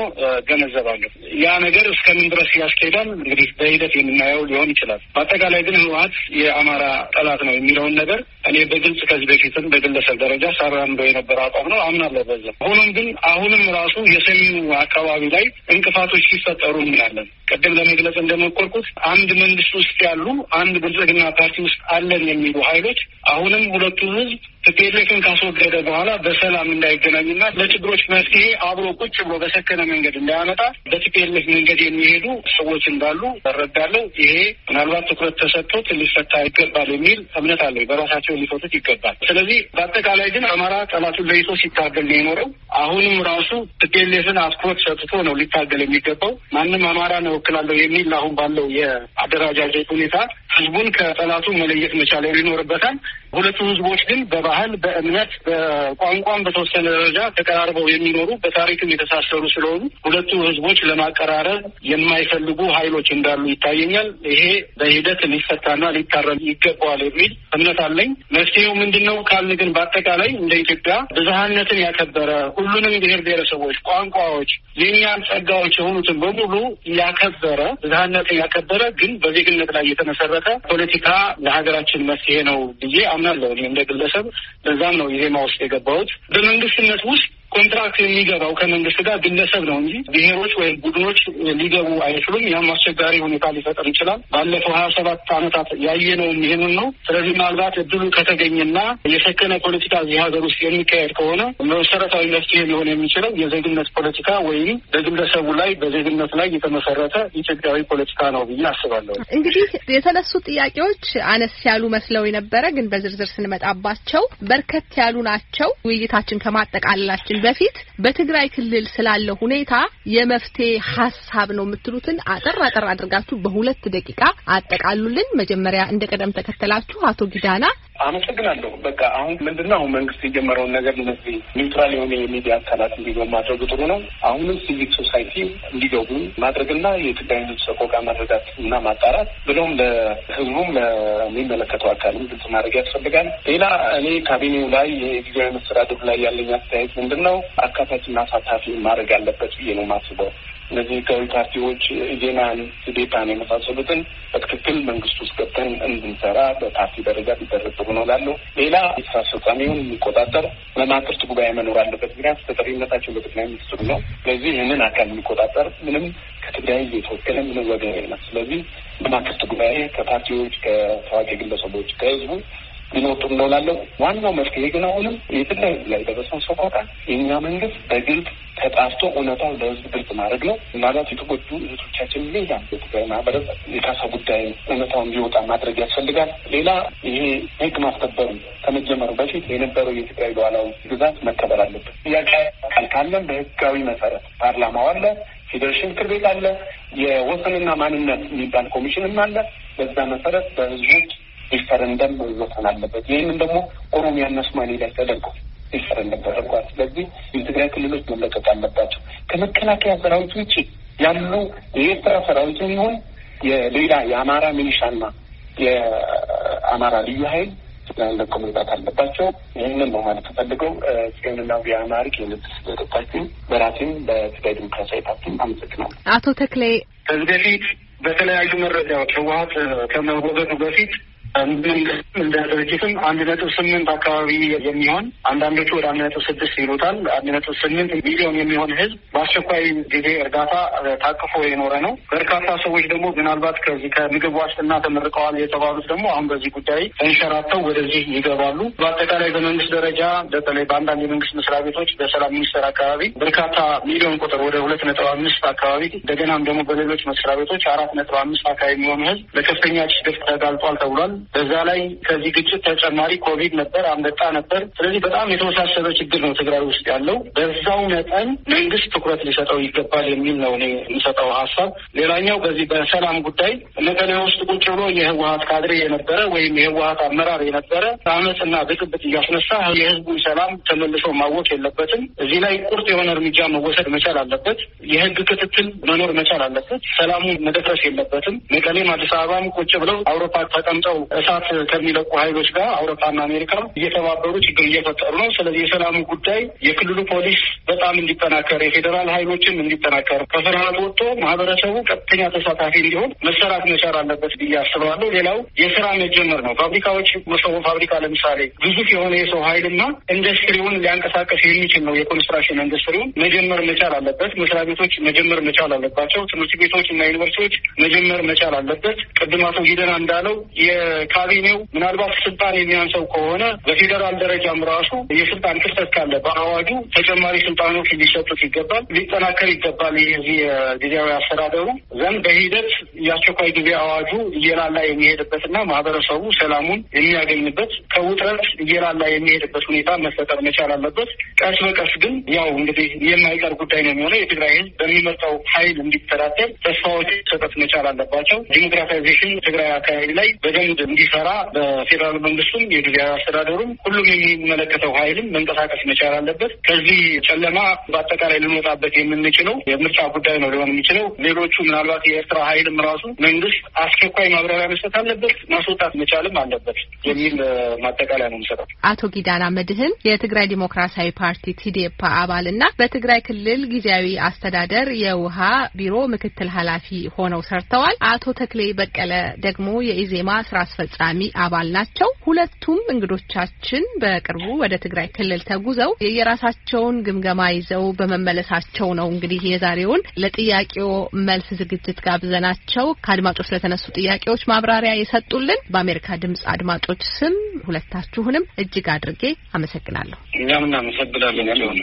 ገነ እገነዘባለሁ። ያ ነገር እስከምን ድረስ ያስኬዳል እንግዲህ በሂደት የምናየው ሊሆን ይችላል። በአጠቃላይ ግን ህወሀት የአማራ ጠላት ነው የሚለውን ነገር እኔ በግልጽ ከዚህ በፊትም በግለሰብ ደረጃ ሳራምዶ የነበረ አቋም ነው አምናለሁ። በዛ ሆኖም ግን አሁንም ራሱ የሰሜኑ አካባቢ ላይ እንቅፋቶች ሲፈጠሩ እንላለን። ቅድም ለመግለጽ እንደሞከርኩት አንድ መንግስት ውስጥ ያሉ አንድ ብልጽግና ፓርቲ ውስጥ አለን የሚሉ ኃይሎች አሁንም ሁለቱ ህዝብ ቲፒኤልኤፍን ካስወገደ በኋላ በሰላም እንዳይገናኝና ለችግሮች መፍትሄ አብሮ ቁጭ ብሎ በሰከነ መንገድ እንዳያመጣ በቲፒኤልኤፍ መንገድ የሚሄዱ ሰዎች እንዳሉ እረዳለሁ። ይሄ ምናልባት ትኩረት ተሰጥቶት ሊፈታ ይገባል የሚል እምነት አለኝ። በራሳቸው ሊፈቱት ይገባል። ስለዚህ በአጠቃላይ ግን አማራ ጠላቱን ለይቶ ሲታገል ነው የኖረው። አሁንም ራሱ ቲፒኤልኤፍን አትኩረት ሰጥቶ ነው ሊታገል የሚገባው። ማንም ነው እወክላለሁ የሚል አሁን ባለው የአደራጃጀት ሁኔታ ህዝቡን ከጠላቱ መለየት መቻል ይኖርበታል። ሁለቱ ህዝቦች ግን በባህል፣ በእምነት፣ በቋንቋም በተወሰነ ደረጃ ተቀራርበው የሚኖሩ በታሪክም የተሳሰሩ ስለሆኑ ሁለቱ ህዝቦች ለማቀራረብ የማይፈልጉ ኃይሎች እንዳሉ ይታየኛል። ይሄ በሂደት ሊፈታና ሊታረም ይገባዋል የሚል እምነት አለኝ። መፍትሄው ምንድን ነው ካልን ግን በአጠቃላይ እንደ ኢትዮጵያ ብዝሃነትን ያከበረ ሁሉንም ብሔር ብሔረሰቦች፣ ቋንቋዎች የእኛም ጸጋዎች የሆኑትን በሙሉ ያከበረ ብዝሃነትን ያከበረ ግን በዜግነት ላይ የተመሰረተ ፖለቲካ ለሀገራችን መፍትሄ ነው ብዬ አምናለሁ እኔ እንደ ግለሰብ። በዛም ነው የዜማ ውስጥ የገባሁት በመንግስትነት ውስጥ ኮንትራክት የሚገባው ከመንግስት ጋር ግለሰብ ነው እንጂ ብሔሮች ወይም ቡድኖች ሊገቡ አይችሉም። ያም አስቸጋሪ ሁኔታ ሊፈጠር ይችላል። ባለፈው ሀያ ሰባት ዓመታት ያየነውም ይህንን ነው። ስለዚህ ምናልባት እድሉ ከተገኘና የሰከነ ፖለቲካ እዚህ ሀገር ውስጥ የሚካሄድ ከሆነ መሰረታዊ መፍትሄ ሊሆን የሚችለው የዜግነት ፖለቲካ ወይም በግለሰቡ ላይ በዜግነት ላይ የተመሰረተ ኢትዮጵያዊ ፖለቲካ ነው ብዬ አስባለሁ። እንግዲህ የተነሱ ጥያቄዎች አነስ ያሉ መስለው የነበረ ግን በዝርዝር ስንመጣባቸው በርከት ያሉ ናቸው። ውይይታችን ከማጠቃለላችን በፊት በትግራይ ክልል ስላለው ሁኔታ የመፍትሄ ሀሳብ ነው የምትሉትን አጠር አጠር አድርጋችሁ በሁለት ደቂቃ አጠቃሉልን። መጀመሪያ እንደ ቀደም ተከተላችሁ አቶ ጊዳና አመሰግናለሁ። በቃ አሁን ምንድነው አሁን መንግስት የጀመረውን ነገር እነዚህ ኒውትራል የሆነ የሚዲያ አካላት እንዲገቡ ማድረጉ ጥሩ ነው። አሁንም ሲቪክ ሶሳይቲ እንዲገቡ ማድረግና የትግራይን ሕዝብ ሰቆቃ መረዳት እና ማጣራት ብሎም ለህዝቡም ለሚመለከተው አካልም ግልጽ ማድረግ ያስፈልጋል። ሌላ እኔ ካቢኔው ላይ የጊዜያዊ መስተዳድሩ ላይ ያለኝ አስተያየት ምንድን ነው አካታችና አሳታፊ ማድረግ አለበት ብዬ ነው የማስበው። እነዚህ ህጋዊ ፓርቲዎች ኢዜማን፣ ስዴታን የመሳሰሉትን በትክክል መንግስት ውስጥ ገብተን እንድንሰራ በፓርቲ ደረጃ ሊደረግ ጥሩ ነው እላለሁ። ሌላ የስራ አስፈጻሚውን የሚቆጣጠር መማክርት ጉባኤ መኖር አለበት። ምክንያት ተጠሪነታቸው በጠቅላይ ሚኒስትሩ ነው። ስለዚህ ይህንን አካል የሚቆጣጠር ምንም ከትግራይ እየተወከለ ምንም ወገን የለም። ስለዚህ መማክርት ጉባኤ ከፓርቲዎች፣ ከታዋቂ ግለሰቦች፣ ከህዝቡ ሊኖጡ እንደሆናለው ዋናው መፍትሄ ግን አሁንም የትላይ ላይ ደረሰው ሰቆቃ የእኛ መንግስት በግልጽ ተጣርቶ እውነታው ለህዝብ ግልጽ ማድረግ ነው። ምናልባት የተጎዱ እህቶቻችን ሌላ የትግራይ ማህበረሰብ የካሳ ጉዳይ እውነታውን ሊወጣ ማድረግ ያስፈልጋል። ሌላ ይሄ ህግ ማስከበሩ ከመጀመሩ በፊት የነበረው የትግራይ ሉዓላዊ ግዛት መከበር አለበት። ጥያቄ ካለን በህጋዊ መሰረት ፓርላማው አለ፣ ፌዴሬሽን ምክር ቤት አለ፣ የወሰንና ማንነት የሚባል ኮሚሽንም አለ። በዛ መሰረት በህዝቦች ሪፈረንደም መወሰን አለበት። ይህንን ደግሞ ኦሮሚያና ሶማሌ ላይ ተደርጎ ሪፈረንደም ተደርጓል። ስለዚህ የትግራይ ክልሎች መለቀቅ አለባቸው። ከመከላከያ ሰራዊት ውጭ ያሉ የኤርትራ ሰራዊትም ይሁን የሌላ የአማራ ሚሊሻና የአማራ ልዩ ኃይል ትግራይን ለቆ መውጣት አለባቸው። ይህንን ነው ማለት ተፈልገው ጽዮንና ቢያማሪክ የምትስደጠታችን በራሴም በትግራይ ዲሞክራሲያዊ ፓርቲም አመሰግናለሁ። አቶ ተክሌ ከዚህ በፊት በተለያዩ መረጃዎች ህወሀት ከመወገዱ በፊት እንግዲህ እንደ ድርጅትም አንድ ነጥብ ስምንት አካባቢ የሚሆን አንዳንዶቹ ወደ አንድ ነጥብ ስድስት ይሉታል አንድ ነጥብ ስምንት ሚሊዮን የሚሆን ህዝብ በአስቸኳይ ጊዜ እርዳታ ታቅፎ የኖረ ነው። በርካታ ሰዎች ደግሞ ምናልባት ከዚህ ከምግብ ዋስትና ተመርቀዋል የተባሉት ደግሞ አሁን በዚህ ጉዳይ ተንሸራተው ወደዚህ ይገባሉ። በአጠቃላይ በመንግስት ደረጃ በተለይ በአንዳንድ የመንግስት መስሪያ ቤቶች በሰላም ሚኒስቴር አካባቢ በርካታ ሚሊዮን ቁጥር ወደ ሁለት ነጥብ አምስት አካባቢ እንደገናም ደግሞ በሌሎች መስሪያ ቤቶች አራት ነጥብ አምስት አካባቢ የሚሆን ህዝብ ለከፍተኛ ችግር ተጋልጧል ተብሏል። በዛ ላይ ከዚህ ግጭት ተጨማሪ ኮቪድ ነበር፣ አንበጣ ነበር። ስለዚህ በጣም የተወሳሰበ ችግር ነው ትግራይ ውስጥ ያለው። በዛው መጠን መንግስት ትኩረት ሊሰጠው ይገባል የሚል ነው እኔ የሚሰጠው ሀሳብ። ሌላኛው በዚህ በሰላም ጉዳይ መቀሌ ውስጥ ቁጭ ብሎ የህወሀት ካድሬ የነበረ ወይም የህወሀት አመራር የነበረ አመፅና ብጥብጥ እያስነሳ የህዝቡን ሰላም ተመልሶ ማወቅ የለበትም። እዚህ ላይ ቁርጥ የሆነ እርምጃ መወሰድ መቻል አለበት። የህግ ክትትል መኖር መቻል አለበት። ሰላሙ መደፍረስ የለበትም። መቀሌም አዲስ አበባም ቁጭ ብለው አውሮፓ ተቀምጠው እሳት ከሚለቁ ኃይሎች ጋር አውሮፓና አሜሪካ እየተባበሩ ችግር እየፈጠሩ ነው። ስለዚህ የሰላሙ ጉዳይ የክልሉ ፖሊስ በጣም እንዲጠናከር፣ የፌዴራል ኃይሎችም እንዲጠናከር፣ ከፍርሃት ወጥቶ ማህበረሰቡ ቀጥተኛ ተሳታፊ እንዲሆን መሰራት መቻል አለበት ብዬ አስባለሁ። ሌላው የስራ መጀመር ነው። ፋብሪካዎች መሰቦ ፋብሪካ ለምሳሌ ግዙፍ የሆነ የሰው ኃይልና ኢንዱስትሪውን ሊያንቀሳቀስ የሚችል ነው። የኮንስትራክሽን ኢንዱስትሪውን መጀመር መቻል አለበት። መስሪያ ቤቶች መጀመር መቻል አለባቸው። ትምህርት ቤቶች እና ዩኒቨርሲቲዎች መጀመር መቻል አለበት። ቅድማቱ ሂደና እንዳለው ካቢኔው ምናልባት ስልጣን የሚያንሰው ከሆነ በፌዴራል ደረጃም ራሱ የስልጣን ክፍተት ካለ በአዋጁ ተጨማሪ ስልጣኖች ሊሰጡት ይገባል፣ ሊጠናከር ይገባል። የዚህ የጊዜያዊ አስተዳደሩ ዘንድ በሂደት የአስቸኳይ ጊዜ አዋጁ እየላላ የሚሄድበትና ማህበረሰቡ ሰላሙን የሚያገኝበት ከውጥረት እየላላ የሚሄድበት ሁኔታ መፈጠር መቻል አለበት። ቀስ በቀስ ግን ያው እንግዲህ የማይቀር ጉዳይ ነው የሚሆነው። የትግራይ ህዝብ በሚመርጠው ኃይል እንዲተዳደር ተስፋዎች ሰጠት መቻል አለባቸው። ዲሞክራታይዜሽን ትግራይ አካባቢ ላይ በደንብ እንዲሰራ በፌዴራል መንግስቱም የጊዜያዊ አስተዳደሩም ሁሉም የሚመለከተው ኃይልም መንቀሳቀስ መቻል አለበት። ከዚህ ጨለማ በአጠቃላይ ልንወጣበት የምንችለው የምርጫ ጉዳይ ነው ሊሆን የሚችለው። ሌሎቹ ምናልባት የኤርትራ ኃይልም ራሱ መንግስት አስቸኳይ ማብራሪያ መስጠት አለበት፣ ማስወጣት መቻልም አለበት የሚል ማጠቃለያ ነው የምሰጠው። አቶ ጊዳና መድህን የትግራይ ዲሞክራሲያዊ ፓርቲ ቲዴፓ አባል እና በትግራይ ክልል ጊዜያዊ አስተዳደር የውሃ ቢሮ ምክትል ኃላፊ ሆነው ሰርተዋል። አቶ ተክሌ በቀለ ደግሞ የኢዜማ ስራ አስፈ አስፈጻሚ አባል ናቸው። ሁለቱም እንግዶቻችን በቅርቡ ወደ ትግራይ ክልል ተጉዘው የራሳቸውን ግምገማ ይዘው በመመለሳቸው ነው እንግዲህ የዛሬውን ለጥያቄው መልስ ዝግጅት ጋብዘናቸው ከአድማጮች ለተነሱ ጥያቄዎች ማብራሪያ የሰጡልን በአሜሪካ ድምጽ አድማጮች ስም ሁለታችሁንም እጅግ አድርጌ አመሰግናለሁ። እኛም እናመሰግናለን።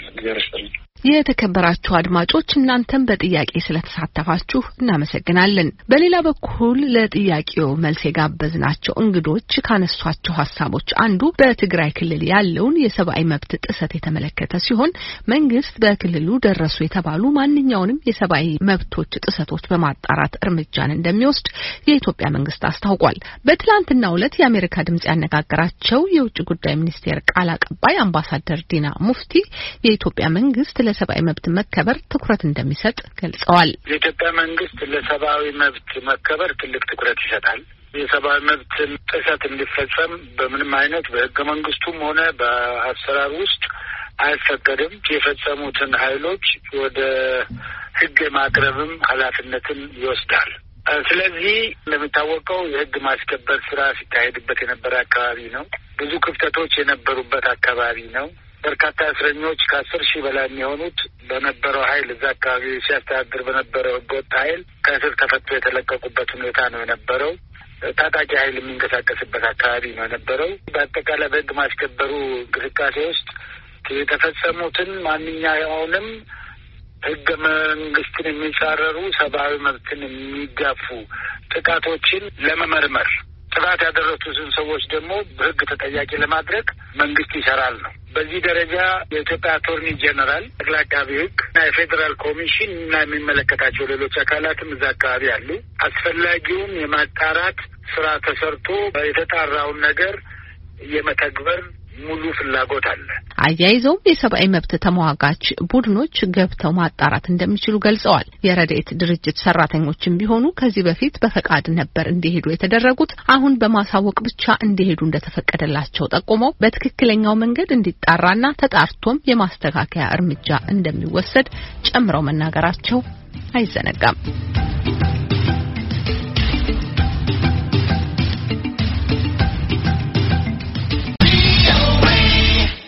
የተከበራችሁ አድማጮች እናንተም በጥያቄ ስለተሳተፋችሁ እናመሰግናለን። በሌላ በኩል ለጥያቄው መልስ የጋበዝናቸው እንግዶች ካነሷቸው ሀሳቦች አንዱ በትግራይ ክልል ያለውን የሰብአዊ መብት ጥሰት የተመለከተ ሲሆን መንግስት በክልሉ ደረሱ የተባሉ ማንኛውንም የሰብአዊ መብቶች ጥሰቶች በማጣራት እርምጃን እንደሚወስድ የኢትዮጵያ መንግስት አስታውቋል። በትላንትናው ዕለት የአሜሪካ ድምጽ ያነጋገራቸው የውጭ ጉዳይ ሚኒስቴር ቃል አቀባይ አምባሳደር ዲና ሙፍቲ የኢትዮጵያ መንግስት ለሰብአዊ መብት መከበር ትኩረት እንደሚሰጥ ገልጸዋል። የኢትዮጵያ መንግስት ለሰብአዊ መብት መከበር ትልቅ ትኩረት ይሰጣል። የሰብአዊ መብት ጥሰት እንዲፈጸም በምንም አይነት በህገ መንግስቱም ሆነ በአሰራር ውስጥ አይፈቀድም። የፈጸሙትን ኃይሎች ወደ ህግ የማቅረብም ኃላፊነትን ይወስዳል። ስለዚህ እንደሚታወቀው የህግ ማስከበር ስራ ሲካሄድበት የነበረ አካባቢ ነው። ብዙ ክፍተቶች የነበሩበት አካባቢ ነው። በርካታ እስረኞች ከአስር ሺህ በላይ የሚሆኑት በነበረው ኃይል እዛ አካባቢ ሲያስተዳድር በነበረው ህገወጥ ኃይል ከእስር ተፈቶ የተለቀቁበት ሁኔታ ነው የነበረው። ታጣቂ ኃይል የሚንቀሳቀስበት አካባቢ ነው የነበረው። በአጠቃላይ በህግ ማስከበሩ እንቅስቃሴ ውስጥ የተፈጸሙትን ማንኛውንም ህገ መንግስትን የሚጻረሩ ሰብአዊ መብትን የሚጋፉ ጥቃቶችን ለመመርመር ጥፋት ያደረሱትን ሰዎች ደግሞ በህግ ተጠያቂ ለማድረግ መንግስት ይሰራል ነው። በዚህ ደረጃ የኢትዮጵያ አቶርኒ ጀነራል፣ ጠቅላይ አቃቢ ህግ እና የፌዴራል ኮሚሽን እና የሚመለከታቸው ሌሎች አካላትም እዛ አካባቢ አሉ። አስፈላጊውን የማጣራት ስራ ተሰርቶ የተጣራውን ነገር የመተግበር ሙሉ ፍላጎት አለ። አያይዘውም የሰብአዊ መብት ተሟጋች ቡድኖች ገብተው ማጣራት እንደሚችሉ ገልጸዋል። የረድኤት ድርጅት ሰራተኞችም ቢሆኑ ከዚህ በፊት በፈቃድ ነበር እንዲሄዱ የተደረጉት። አሁን በማሳወቅ ብቻ እንዲሄዱ እንደተፈቀደላቸው ጠቁመው በትክክለኛው መንገድ እንዲጣራና ተጣርቶም የማስተካከያ እርምጃ እንደሚወሰድ ጨምረው መናገራቸው አይዘነጋም።